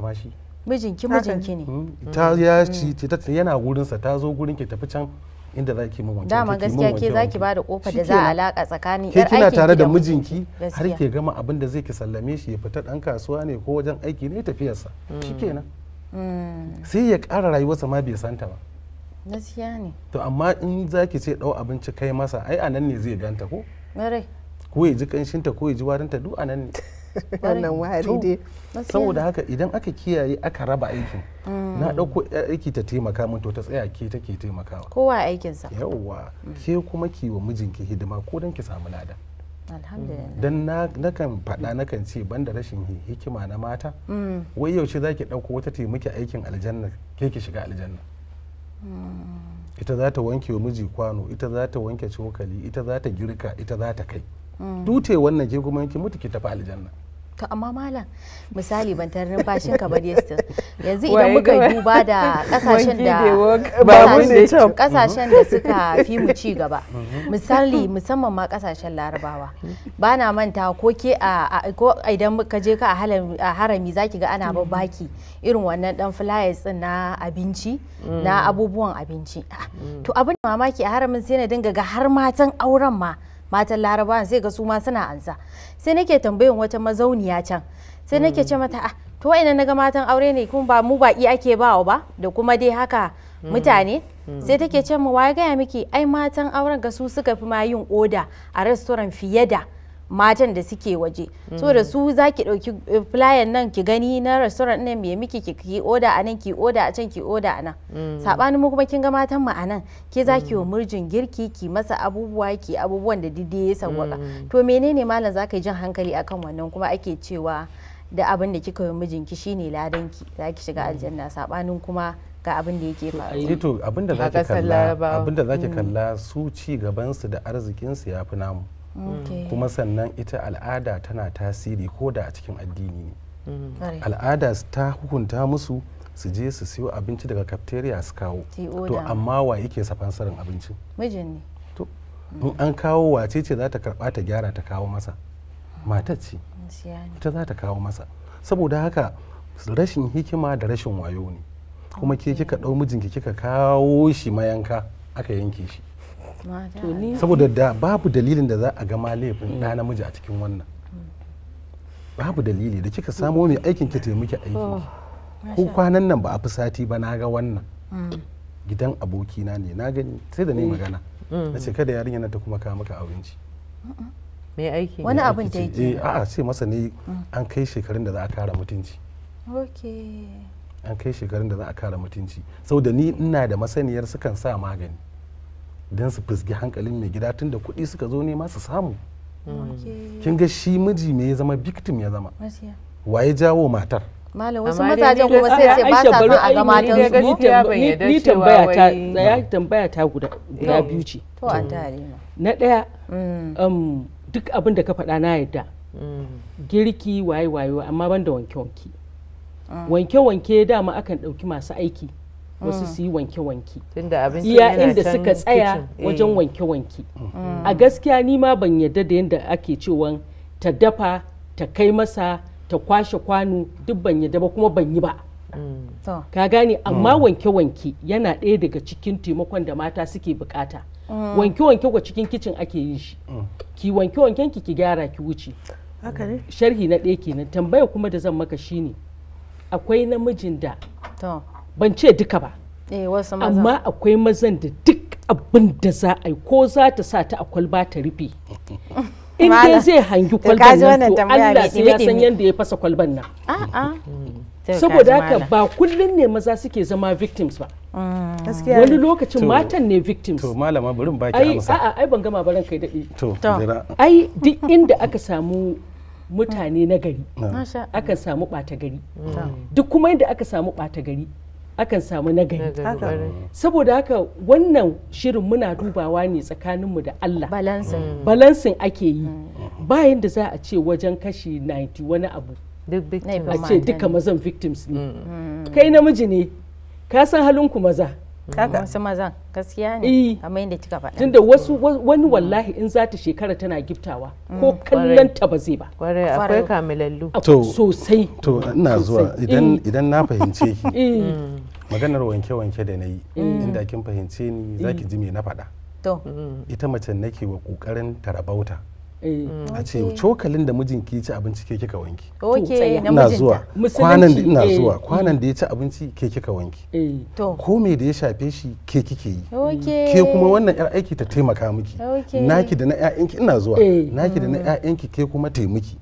mijinki mijinki ne hmm. ta ya hmm. ci ta yana gurinsa ta zo gurin ki tafi can inda za ki mun dama gaskiya ke za ki bada kofa da za a alaka tsakanin yar kina tare da mijinki har ke gama abin da zai ki sallame shi ya fita dan kasuwa ne ko wajen aiki ne tafiyarsa hmm. shikenan hmm. sai ya kara rayuwarsa ma bai santa ba gaskiya ne to amma in zaki ki ce dau abinci kai masa ai anan ne zai ganta ko ko ya ji kanshinta ko ya ji warinta duk anan ne wannan wahari dai saboda haka idan aka kiyaye aka raba aikin mm. na ɗauko aiki ta taimaka min to ta tsaya ke take taimakawa kowa aikinsa yawwa mm. ke kuma ki wa mijinki hidima ko don ki samu lada don na kan faɗa na kan ce banda rashin hikima na mata mm. wai yaushe zaki ki ɗauko wata taimaki aikin aljanna ke ki shiga aljanna ita za ta wanke miji kwano ita za ta wanke cokali ita za ta girka ita za ta kai dute wannan ke ki mutu ki tafi aljanna to amma malam misali ban tarar bashin ka ba yasta yanzu idan muka duba da kasashen da kasashen da suka fi mu ci gaba mhm. misali musamman ma kasashen larabawa ba na manta ko ke a ko idan muka je ka a harami zaki ga ana mhm. baki irin wannan dan flyers din na abinci mm. na abubuwan abinci ah, mm. to abin mamaki a haramin sai na dinga ga har matan auren ma matan larabawan sai ga su ma suna ansa sai nake tambayin wata mazauniya can sai nake ce hmm. mata ah to waina naga matan aure ne kuma ba mu baki ake bawa ba da kuma dai haka hmm. mutane hmm. sai take ce mu waye gaya miki ai matan auren ga su suka fi ma yin oda a restoran fiye da matan da suke waje so da su za ki ɗauki eh, flyer nan ki gani na restaurant nan me miki ki ki oda a nan ki oda a can ki oda a nan mm. sabanin mu kuma kin ga matan mu a nan ke za ki wa murjin mm. girki ki masa abubuwa ki abubuwan da dide ya sawwaka mm. to menene malam za ka yi jin hankali akan wannan kuma ake cewa da abin da kika yi mijinki shine ladan ki za ki shiga aljanna sabanin kuma ga abin da yake faruwa. Eh, to abin da za ki kalla su ci gabansu da arzikinsu ya fi namu. Mm. kuma sannan ita al'ada tana tasiri ko da a cikin addini ne mm. al'ada ta hukunta musu su je su siyo abinci daga cafeteria su kawo to amma wa yake safansarin abincin mijin ne in an kawo wace ce za ta karba ta gyara ta kawo masa mm. matar ce ita za ta kawo masa saboda haka rashin hikima da rashin wayo ne kuma ke kika ɗau mijinki kika kawo shi mayanka aka yanke shi saboda da babu dalilin da za a gama laifin ɗa namiji a cikin wannan mm. babu dalili da kika samo mai aikin ki taimaki aiki oh. ko kwanan nan ba a fi sati ba na ga wannan mm. gidan abokina ne na gani sai da ne mm. magana na ce kada yarinya na ta kuma kawo maka abinci mai aiki wani abin da yake eh, a'a sai masa ne an kai shekarun da za a kara mutunci an kai shekarun da za a kara mutunci sau da ni ina da masaniyar sukan sa magani don su fusgi hankalin mai gida tun da kuɗi suka zo nema su samu kin ga shi miji me ya zama victim ya zama waye jawo matar malam wasu mazajen kuma sai ce ba sa son a ga matan su ni tambaya ta ya tambaya ta guda guda biyu ce to an tare na daya mm. um, duk abin da ka faɗa na yadda mm. girki waye waye amma ban da wanke mm. wanke wanke wanke dama akan ɗauki masu aiki wasu mm. su yi wanke-wanke iya inda suka tsaya eh. wajen wanke-wanke mm. a gaskiya nima ban yadda da yadda ake cewa ta dafa ta kai masa ta kwashe kwano duk ban yadda ba kuma ban yi ba mm. ka gane amma wanke-wanke yana ɗaya daga cikin taimakon da mata suke bukata wanke-wanke ga cikin kicin ake yin shi ki wanke-wanken ki ki gyara ki wuce sharhi na ɗaya kenan tambaya kuma da zan maka shine akwai namijin da ban ce duka ba eh, amma akwai mazan da duk abin da za a yi ko za ta sa ta a kwalba ta rufe in dai zai hangi kwalban nan to Allah sai ya san yadda ya fasa kwalban nan hmm. saboda haka ba kullum ne maza suke zama victims ba hmm. wani lokacin matan ne victims to malama burin baki amsa a'a ai ban gama barin kai dadi to ai duk inda aka samu mutane na gari aka samu bata gari hmm. duk kuma inda aka samu bata gari akan samu nagari saboda haka wannan shirin muna dubawa ne tsakaninmu da Allah balansin mm. ake yi mm. bayan da za a ce wajen kashi 90 wani abu a ce duka mazan victims ne mm. kai namiji ne ka san halinku maza wasu mazan gaskiya ne eh. kamar yadda kika faɗa tunda wasu wani wallahi in za ta shekara tana giftawa mm, ko kallon ta ba zai ba kwarai akwai kamilallu sosai to ina zuwa eh. idan na fahimce ki eh. maganar wanke-wanke da na yi inda kin fahimce ni za ki ji me na faɗa ita mace nake wa ƙoƙarin tarabauta Eh. Mm. a ce cokalin da mijinki ya ci abinci ke kika wanki ina eh. zuwa kwanan da ina ya ci abinci ke kika wanki eh. ko me da ya shafe shi ke kike yi ke kuma wannan yar aiki ta taimaka miki naki da na ƴaƴanki ina zuwa naki da na mm. ƴaƴanki ke kuma taimaki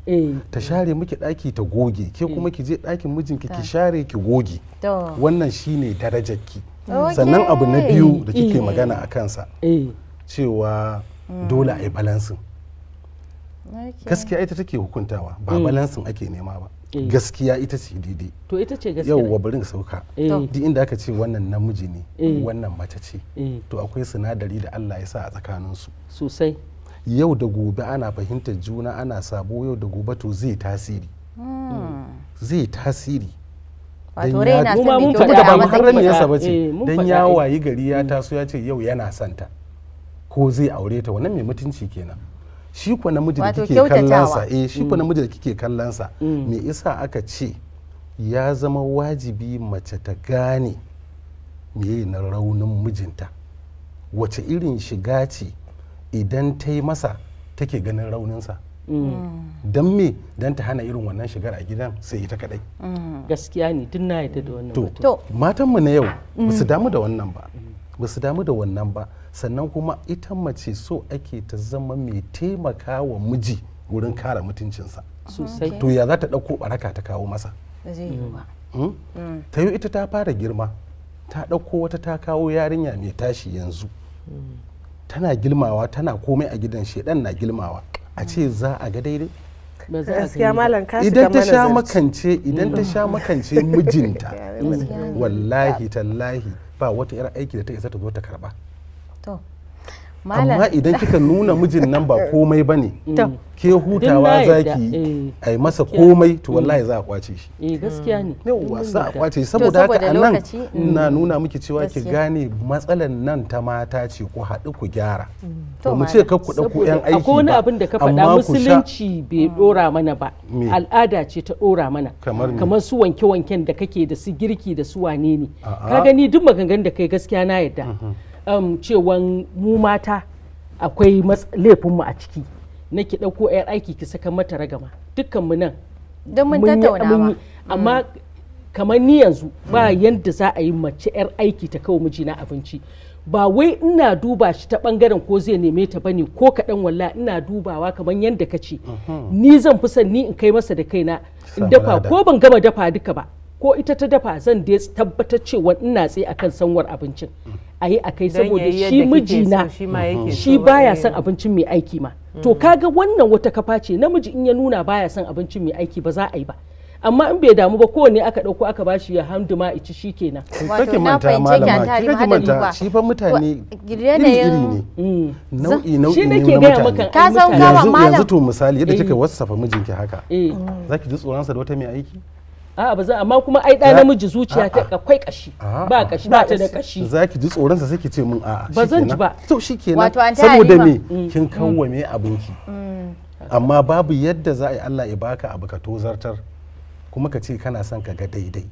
ta share miki daki ta goge ke kuma mm. ki je dakin mijinki ki share ki goge wannan shine ki sannan abu na biyu da kike magana a kansa cewa dole a yi balansin gaskiya ita take hukuntawa ba mm. balansin ake nema ba mm. gaskiya ita ce daidai to ita ce gaskiya yauwa bari ka sauka eh. duk inda aka ce wannan namiji ne eh. wannan mace ce eh. to akwai sinadari da Allah ya sa a tsakanin su sosai yau da gobe ana fahimtar juna ana sabo yau da gobe to zai tasiri hmm. zai tasiri wato rai na san da dan ya wayi gari ya taso ya ce yau yana santa ko zai aure ta wannan mai mutunci kenan shi ko eh, mm. namiji da kike kallansa eh mm. shi ko namiji da kike kallansa me isa aka ce ya zama wajibi mace ta gane me na raunin mijinta wace irin shiga ce idan ta yi masa take ganin rauninsa mm. don me don ta hana irin wannan shigar a gidan sai ita kadai gaskiya ne tun na yadda da wannan to matanmu na yau ba su damu da wannan ba ba su damu da wannan ba sannan kuma ita mace so ake ta zama mai taimaka wa miji wurin kare mutuncinsa to ya za ta ɗauko baraka ta kawo masa hmm? Hmm. ta yi ita ta fara girma ta ɗauko wata ta kawo yarinya mai tashi yanzu hmm. tana girmawa tana komai a gidan shedan na girmawa a ce za a ga daidai idan ta sha makance idan ta sha makance mijinta wallahi tallahi ba wata 'yar aiki da ta isa ta zo ta karba amma idan kika nuna mijin nan ba komai ba ne mm. ke hutawa zaki eh. a yi masa komai to mm. wallahi za a kwace shi eh, gaskiya ne yauwa za a kwace shi saboda haka a nan mm. na nuna miki cewa ki gane matsalan nan ta mata ce ku haɗu ku gyara to mu ce ka ku ɗauko yan aiki akwai wani abin da ka faɗa musulunci bai ɗora mana ba al'ada ce ta ɗora mana kamar su wanke-wanken da kake da su girki da su wane ne ka gani duk maganganun da kai gaskiya na yadda mm-hmm. um, cewan mu mata akwai mu a ciki na ki ɗauko 'yar aiki ki saka mata ragama dukkan mu nan don mun tattaunawa amma mm. kamar ni yanzu ba yadda za a yi mace 'yar aiki ta kawo mijina abinci ba wai ina duba shi ta bangaren ko zai neme ta bane ko kaɗan walla ina dubawa kamar yadda ka ce ni zan fi son ni in kai masa da kaina in dafa ko ban gama dafa duka ba ko ita ta dafa zan dai tabbatar cewa ina tsaye akan sanwar abincin a yi a kai saboda shi mijina mhm. shi baya eh. son abincin mai aiki ma to mm. kaga wannan wata kafa ce namiji in ya nuna baya son abincin mai aiki ba za a yi ba amma in bai damu ba kowane aka dauko aka bashi ya hamdu ma ici shi ke nan kake manta malama kake manta shi fa mutane ne mm. nau'i nau'i ne na mutane yanzu to misali yadda kika eh. wasafa mijinki haka eh. zaki ji tsoron sa da wata mai aiki a'a ba za amma kuma ai da namiji zuciya ta akwai kashi ba kashi ba ta da kashi zaki ji tsoron sa sake ce mun a'a ba zan ji ba to shikenan saboda me mm. kin kawwame mm. abinki mm. amma babu yadda za a yi Allah ya baka abu ka tozartar kuma ka ce kana son ka ga daidai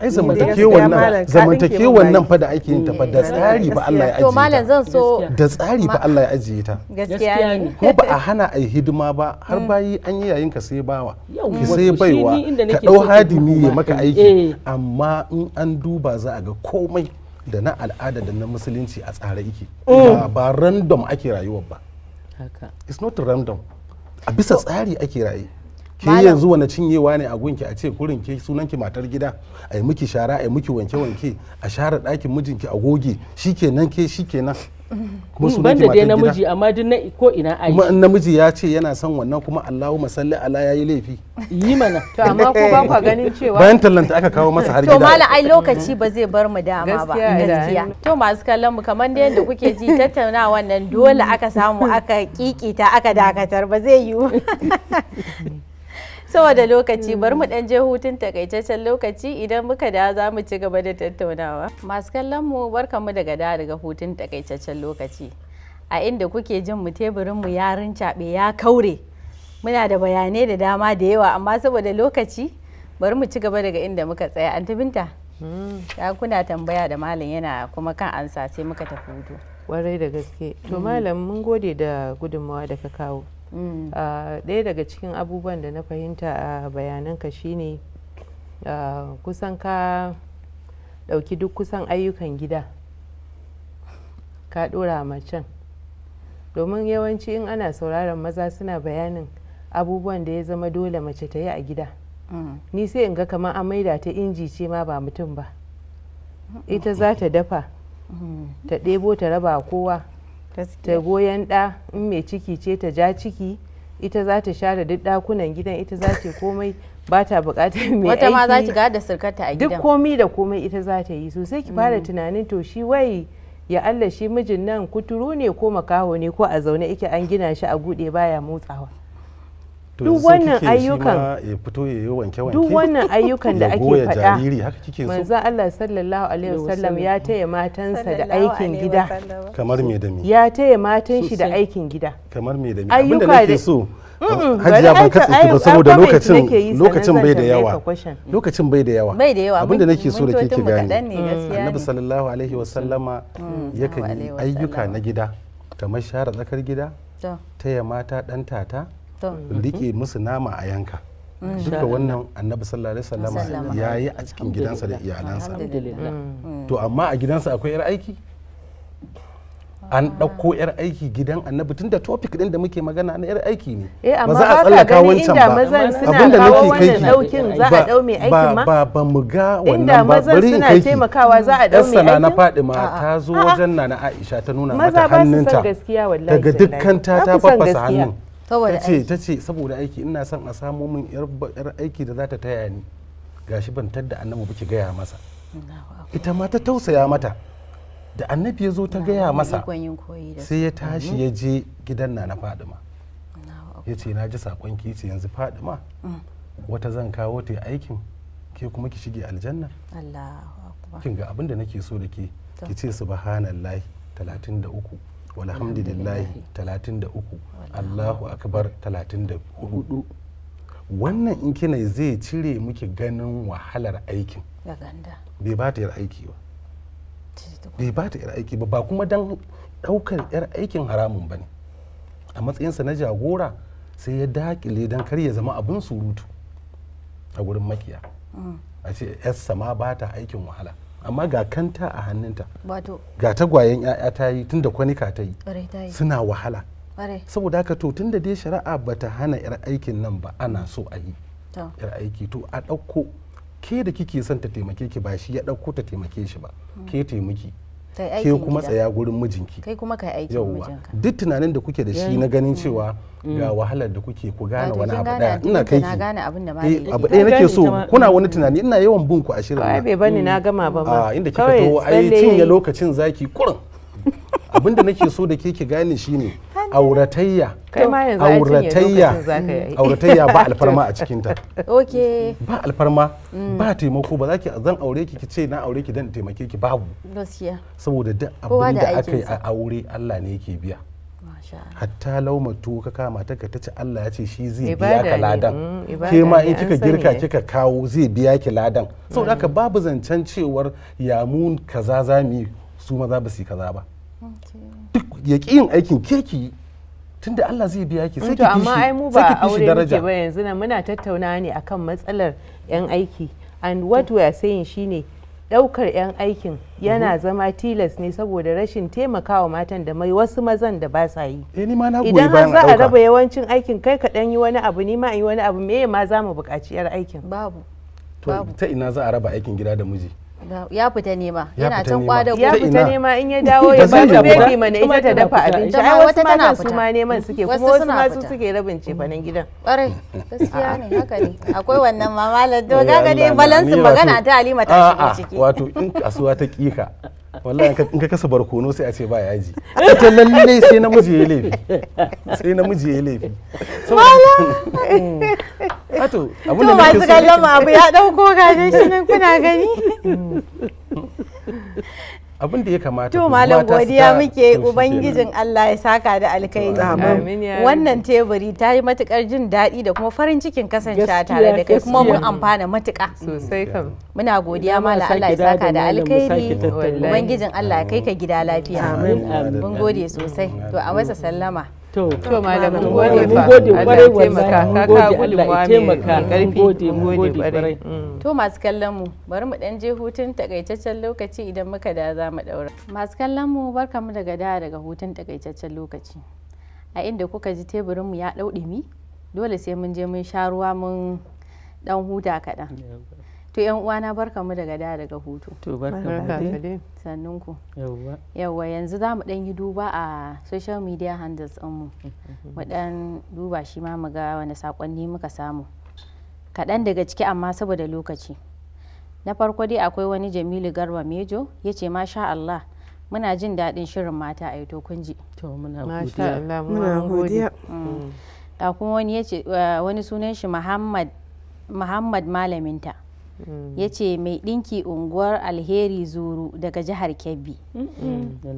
ai zamantakewan nan zamantakewan nan fa da ake yin ta fa da tsari ba Allah ya ajiye ta to malam zan so da tsari ba Allah ya ajiye ta gaskiya ne ko ba a hana ai hidima ba har mm. bayi an yi yayin ka sai bawa ki sai baiwa ka dau hadimi ya maka aiki eh. amma in an duba za a ga komai da na al'ada da na musulunci a tsare yake mm. ba random ake rayuwar ba it's not random a bisa tsari ake rayuwa. ke yanzu wani cinyewa ne a gunki a ce kurin ke sunanki matar gida a yi miki shara a yi miki wanke-wanke a share ɗakin mijinki a goge shikenan ke shikenan kuma sunan ki matar namiji amma duk na ko ina ai kuma namiji ya ce yana son wannan kuma Allahu masalli ala yayi laifi yi mana to amma ko ba kwa ganin cewa bayan tallanta aka kawo masa har gida to mala ai lokaci ba zai bar mu dama ba gaskiya to masu kallon mu kamar da yanda kuke ji tattauna wannan dole aka samu aka kikita aka dakatar ba zai yiwu saboda lokaci hmm. bari mu dan je hutun takaitaccen lokaci idan muka da za mu ci gaba da tattaunawa masu kallon mu barkamu daga da daga hutun takaitaccen lokaci a inda kuke jin mu teburin mu ya rincaɓe ya kaure muna da bayanai da dama da yawa amma saboda lokaci bari mu ci gaba daga inda muka tsaya an binta hmm. ya kuna tambaya da malam yana kuma kan ansa sai muka tafi hutu kwarai da gaske to hmm. malam mun gode da gudunmawa da ka kawo Mm. Ah, ɗaya daga cikin abubuwan da na fahimta a bayananka shine ah, kusan ka ɗauki duk kusan ayyukan gida ka ɗora macen domin yawanci in ana sauraron maza suna bayanin abubuwan da ya zama dole mace ta yi a gida mm. ni sai in ga kamar an maida ta inji ce ma ba mutum ba ita za ta dafa ta ɗebo ta raba kowa ta goyon ɗa in mai ciki ce ta ja ciki ita za ta share duk ɗakunan gidan ita za ta komai ba ta buƙatar mai aiki wata ma za ta gada sirkata a gidan duk komai da komai ita za ta yi sosai ki fara mm. tunanin to shi wai ya Allah shi mijin nan kuturu ne ko makaho ne ko a zaune ike an gina shi a buɗe baya motsawa duk wannan ayyukan duk wannan ayyukan da ake faɗa manzo Allah sallallahu alaihi wasallam ya taya matansa da aikin gida kamar me da me ya taya matan shi da aikin gida kamar me da me abinda nake so hajiya ban katse ki ba saboda lokacin lokacin bai da yawa lokacin bai da yawa bai da yawa abinda nake so da kike gani annabi sallallahu alaihi wasallama mm. yakan yi ayyuka na gida kamar share tsakar gida taya mata dan tata rike musu nama a yanka duka wannan annabi sallallahu alaihi wasallam ya yi a cikin gidansa da iyalansa mm. Mm. to amma a gidansa akwai yar aiki an ah. ɗauko yar aiki gidan annabi tunda topic din da muke magana na yar aiki ne eh, ba za a tsallaka wancan ba abinda nake kai ki ba ba ba mu ga wannan ba bari in kai ki taimakawa na a dau ta zo wajen na na Aisha ta nuna mata hannunta daga dukkan ta ta fafasa hannun saboda aiki ta ce saboda aiki ina son a samo min yar aiki da za ta taya ni gashi ban tadda annabi ba ki gaya masa ita ma ta tausaya mata da annabi ya zo ta gaya masa sai ya tashi mhm. ya je gidan na na fadima ya ce na ji sakon ki ce yanzu fadima mm. wata zan kawo ta aikin ke kuma ki shige aljanna kin ga abin da nake so da ke ki ce subhanallahi 33 walhamdulillahi 33 allahu akbar 34 wannan in kina zai cire miki ganin wahalar aikin bai ba ta yar aiki ba bai ba ta yar aiki ba ba kuma dan daukar yar aikin haramun ba ne a matsayinsa na jagora sai ya dakile don kar ya zama abin surutu a gurin makiya mm. a ce yassa ma ba ta aikin wahala amma ga kanta a hannunta ga tagwayen 'ya'ya ta yi tun tunda kwanika ta yi suna wahala saboda haka to tun da dai shari'a ba ta hana 'yar aikin nan ba ana so a yi 'yar aiki to a ɗauko ke da kike son ta taimake ki ba shi ya ɗauko ta taimake shi ba hmm. ke taimaki ke kuma tsaya gurin mijinki kai kuma kai aikin mijinka duk tunanin da kuke da shi na ganin cewa mm. ga mm. wahalar da kuke ku gane wani abu daya ina kai ki gane abin da abu daya nake so kuna wani mm. tunani ina yawan bin ku a shirin ai bai bani na gama ba ba ah, inda kika to ai cinye lokacin zaki kurin abin da nake so da ke ki gane shine auratayya auratayya mm. auratayya ba alfarma a cikinta ba alfarma mm. ba taimako ba zaki zan aure ki ki ce na aure ki dan taimake ki babu saboda duk abin da aka yi a aure Allah ne yake biya hatta laumatu ka kama ta ka tace Allah ya ce shi zai biya ka ladan mm, ke ma in kika girka kika kawo zai biya ki ladan saboda haka babu zancen cewar ya mun kaza za mu yi su maza ba su kaza ba duk ya ƙi yin aikin keki tunda Allah zai biya ki sai ki amma ai mu ba aure muke ba yanzu nan muna tattauna ne akan matsalar yan aiki and what we are saying shine daukar yan aikin yana mhm. zama tilas ne saboda rashin taimakawa matan da mai wasu mazan da ba sa yi eh, idan har za a raba yawancin aikin kai ka dan yi wani abu ni ma yi wani abu me ma za mu buƙaci yar aikin babu to ta ina za a raba aikin gida da miji ya fita nema yana can kwada ya fita nema in ya dawo ya ba da baby mana ita ta dafa abinci ai wasu tana su ma neman suke kuma wasu ma su suke rabin cefanen gidan kwarai gaskiya ne haka ne akwai wannan ma malam to kaga dai balansin magana ta Halima ta shiga ciki wato in kasuwa ta kika wallahi in ka kasa barkono sai a ce ba yaji ita lallai sai namiji ya laifi sai namiji ya laifi to abin da masu kallon abu ya dauko gaje shi nan kuna gani mm. abin da ya kamata to malam godiya muke ubangijin Allah ya saka da alkhairi amin wannan teburi ta yi matukar jin daɗi da kuma farin cikin kasancewa tare da kai kuma mun amfana matuka sosai kam muna godiya malam Allah ya saka da alkhairi ubangijin Allah ya kai ka gida lafiya amin mun gode sosai to a wasa sallama To, malamin gode fa. gode kwarai taimaka, ka taimaka karfi. gode, gode mm. To masu kallon mu, bari mu dan je hutun takaitaccen lokaci idan muka da za mu daura. Masu kallon mu, barka mu daga da daga hutun takaitaccen lokaci. A inda kuka ji teburin mu ya dau dimi, dole sai mun je mun sha ruwa mun dan huta kaɗan. to yan uwana barkamu daga da daga hutu to sannun ku yawwa yanzu za mu dan yi duba a social media handles din mu mu dan duba shi ma mu ga wani sakonni muka samu kaɗan daga ciki amma saboda lokaci na farko dai akwai wani jamilu garba mejo yace ce masha allah muna jin daɗin shirin mata a to kunji to muna godiya kuma wani sunan shi muhammad malaminta Mm. ya ce mai ɗinki unguwar alheri zuru daga jihar kebbi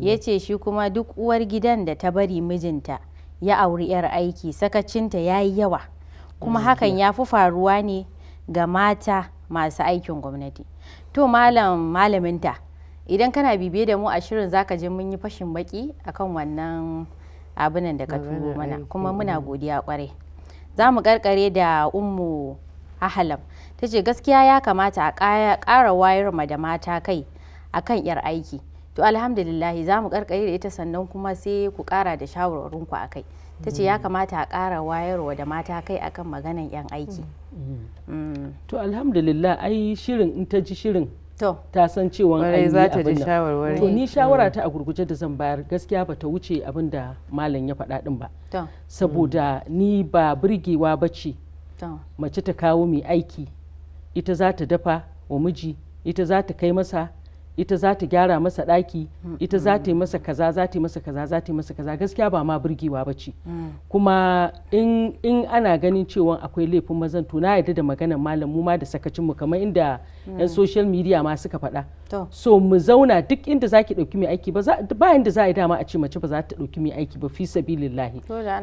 ya ce shi kuma duk uwar gidan da ta bari mijinta ya auri 'yar aiki sakacinta ya yi yawa kuma mm. hakan mm. ya fi faruwa ne ga mata masu aikin gwamnati to malaminta idan kana bibiye da mu a shirin zaka je mun yi fashin baki akan wannan abinan da ka turo mana kuma muna godiya kwarai za mu karkare da umu. a halam ta ce gaskiya ya kamata a kara wayar ma da mata kai a kan yar aiki to alhamdulillahi za mu karkare da ita sannan kuma sai ku ƙara da shawarwarinku a kai ta ce ya kamata a ƙara wayarwa da mata kai a kan maganan yan aiki mm-hmm. mm. to alhamdulillah ai shirin in ta ji shirin ta san cewa za ta ji shawarwari to ni mm. shawara ta a gurguje da zan bayar gaskiya ba ta wuce abin da malam ya faɗa din ba saboda ni ba birgewa ba ce mace ta kawo mai aiki ita za ta dafa wa miji ita za ta kai masa ita za ta gyara masa ɗaki mm, ita za ta yi mm. masa kaza za ta yi masa kaza za ta yi masa kaza gaskiya ba ma burgewa ba ce mm. kuma in, ana ganin cewa akwai laifin mazan to na yarda da maganar malam mu ma da sakacin mu kamar inda yan social media ma suka faɗa so mu zauna duk inda za ki ɗauki mai aiki ba inda za a yi dama a ce mace ba za ta ɗauki mai aiki ba fi sabilillahi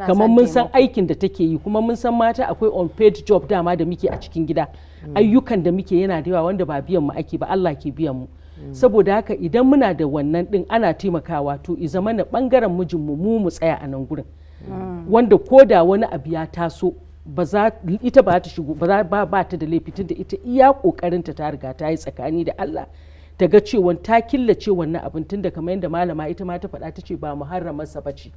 kamar mun san aikin da take yi kuma mun san mata akwai unpaid job dama da muke a cikin gida ayyukan da muke yana da yawa wanda ba biyan mu aiki ba Allah ke biyan mu saboda haka idan muna da wannan din ana taimakawa to i zama na bangaren mijin mu mu tsaya a nan gurin wanda ko da wani abu ya taso ba ita ba ta shigo ba ba ba ta da laifi tunda ita iya kokarin ta ta riga ta yi tsakani da Allah ta ga cewa ta killace wannan abin tunda kamar yadda malama ita ma ta faɗa ta ce ba muharramarsa sa bace.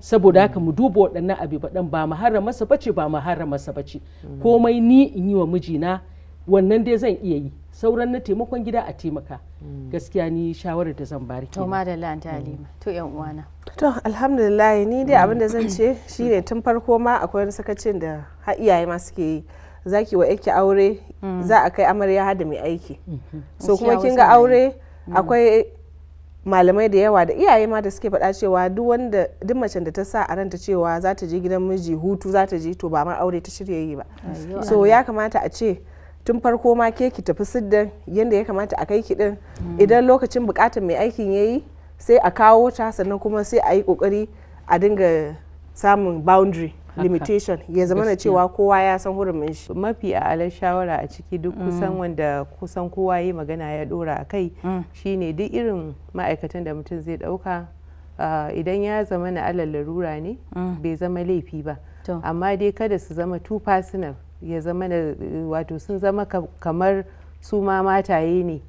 saboda haka mu duba waɗannan abi baɗan ba muharramarsa ba bace ba muharramarsa sa bace. komai ni in yi wa mijina wannan dai zan iya yi sauran na taimakon gida a taimaka hmm. gaskiya ni shawarar da zan bari to madalla ta hmm. halima to yan uwana to alhamdulillah ni dai hmm. abin da zan ce shine tun farko ma akwai wani sakacin da ha iyaye ma suke yi zaki wa yake aure za a kai amarya har da mai aiki so kuma kin ga aure akwai malamai da yawa da iyaye ma da suke faɗa cewa duk wanda duk macen da ta sa a ranta cewa za ta je gidan miji hutu za ta je to ba ma aure ta shirya yi ba so ya kamata a ce tun farko ma ke ki tafi siddar yadda ya kamata a kai ki din idan lokacin bukatar mai aikin ya yi sai a kawo ta sannan kuma sai a yi kokari a dinga samun boundary limitation ya zama na cewa kowa ya san hurumin shi mafi alar shawara a ciki duk mm. kusan wanda kusan kowa yi magana ya dora a kai mm. shine duk irin ma'aikatan da mutum zai dauka idan ya zama na alal larura ne mm. bai zama laifi ba amma dai kada su zama too personal ya zama da wato sun zama kamar su ma mataye ne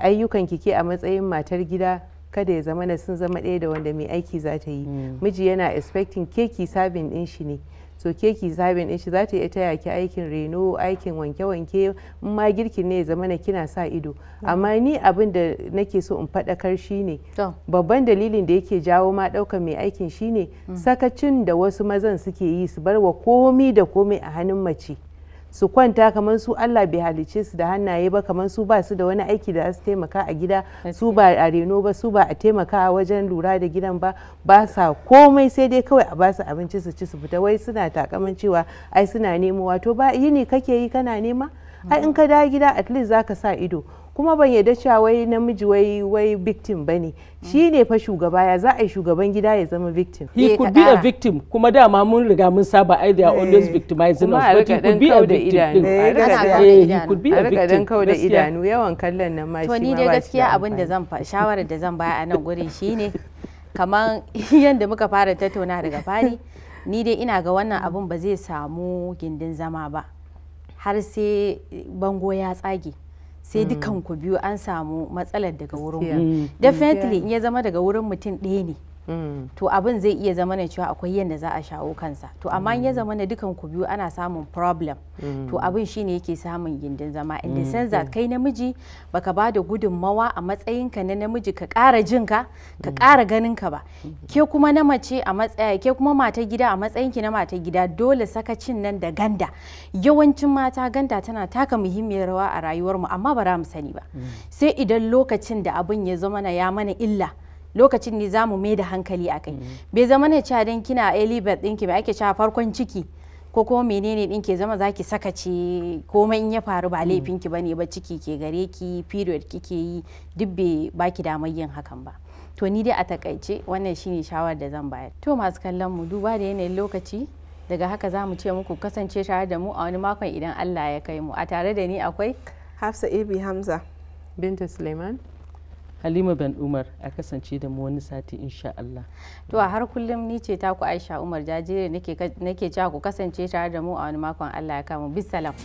ayyukan kike a matsayin matar gida kada ya zama da sun zama ɗaya da wanda mai aiki za ta yi mm. miji yana expecting keki sabin ɗin shi ne so keki sabin ɗin shi za ta iya taya ki aikin reno aikin wanke-wanke in ma girkin ne ya zama na kina sa ido mm. amma ni abin da nake so in faɗakar shi ne babban dalilin da yake jawo ma ɗaukar mai aikin shi ne mm. sakacin da wasu mazan suke yi su bar wa komi da komai a hannun mace su kwanta kamar su Allah bai halice su da hannaye ba kamar su ba su da wani aiki da su taimaka a gida su ba a reno ba su ba a taimaka a wajen lura da gidan ba ba sa komai sai dai kawai a basu abinci su ci su fita wai suna takaman cewa ai suna nemo wato ba yini kake yi kana nema ai in ka dawo gida at least ka sa ido kuma ban yarda cewa wai namiji wai wai victim bane shi ne fa shugaba ya za a yi shugaban gida ya zama victim he could be a victim kuma dama mun riga mun saba ai they are always eh. victimizing us but he could be a victim he could be a victim kau da idanu yawan kallon nan ma shi ma ba to ni dai gaskiya abin da zan shawarar da zan baya a nan gurin shine kamar yadda muka fara tattauna daga fari ni dai ina ga wannan abun ba zai samu gindin zama ba har sai bango ya tsage sai mm. dukan ku biyu an samu matsalar daga wurin mu definitely mm. in ya zama daga wurin mutum ɗaya ne Mm. to abin zai iya zama na cewa akwai yadda za a shawo kansa to amma ya mm. zama na dukan ku biyu ana samun problem mm. to abin shine yake samun gindin zama in the sense that kai namiji baka ba da gudunmawa a matsayinka na namiji ka ƙara jinka ka ƙara ganinka ba ke kuma na mace a matsaya ke kuma mata gida a matsayinki na mata gida dole sakacin nan da ganda yawancin mata ganda tana taka muhimmiyar rawa a rayuwarmu amma ba za mu sani ba sai idan lokacin da abin ya zama na ya mana illa lokacin ne zamu mai da hankali a kai mm-hmm. bai zama ne cewa dan kina early birth ɗinki ba ake cewa farkon ciki ko kuma menene din ke zama zaki ce komai in ya faru ba mm-hmm. laifinki bane ba ciki ke gare ki period kike yi duk bai baki damar yin hakan ba to ni dai a takaice wannan shine shawar da zan bayar to masu kallon mu duba da yanayin lokaci daga haka za mu ce muku kasance tare da mu a wani makon idan Allah ya kai mu a tare da ni akwai Hafsa Ebi Hamza Binta Suleiman halima bin umar a kasance da mu wani sati insha Allah to a har kullum ni ce ta ku Aisha Umar jajire nake nake cewa ku kasance tare da mu a wani makon Allah ya kama bisalam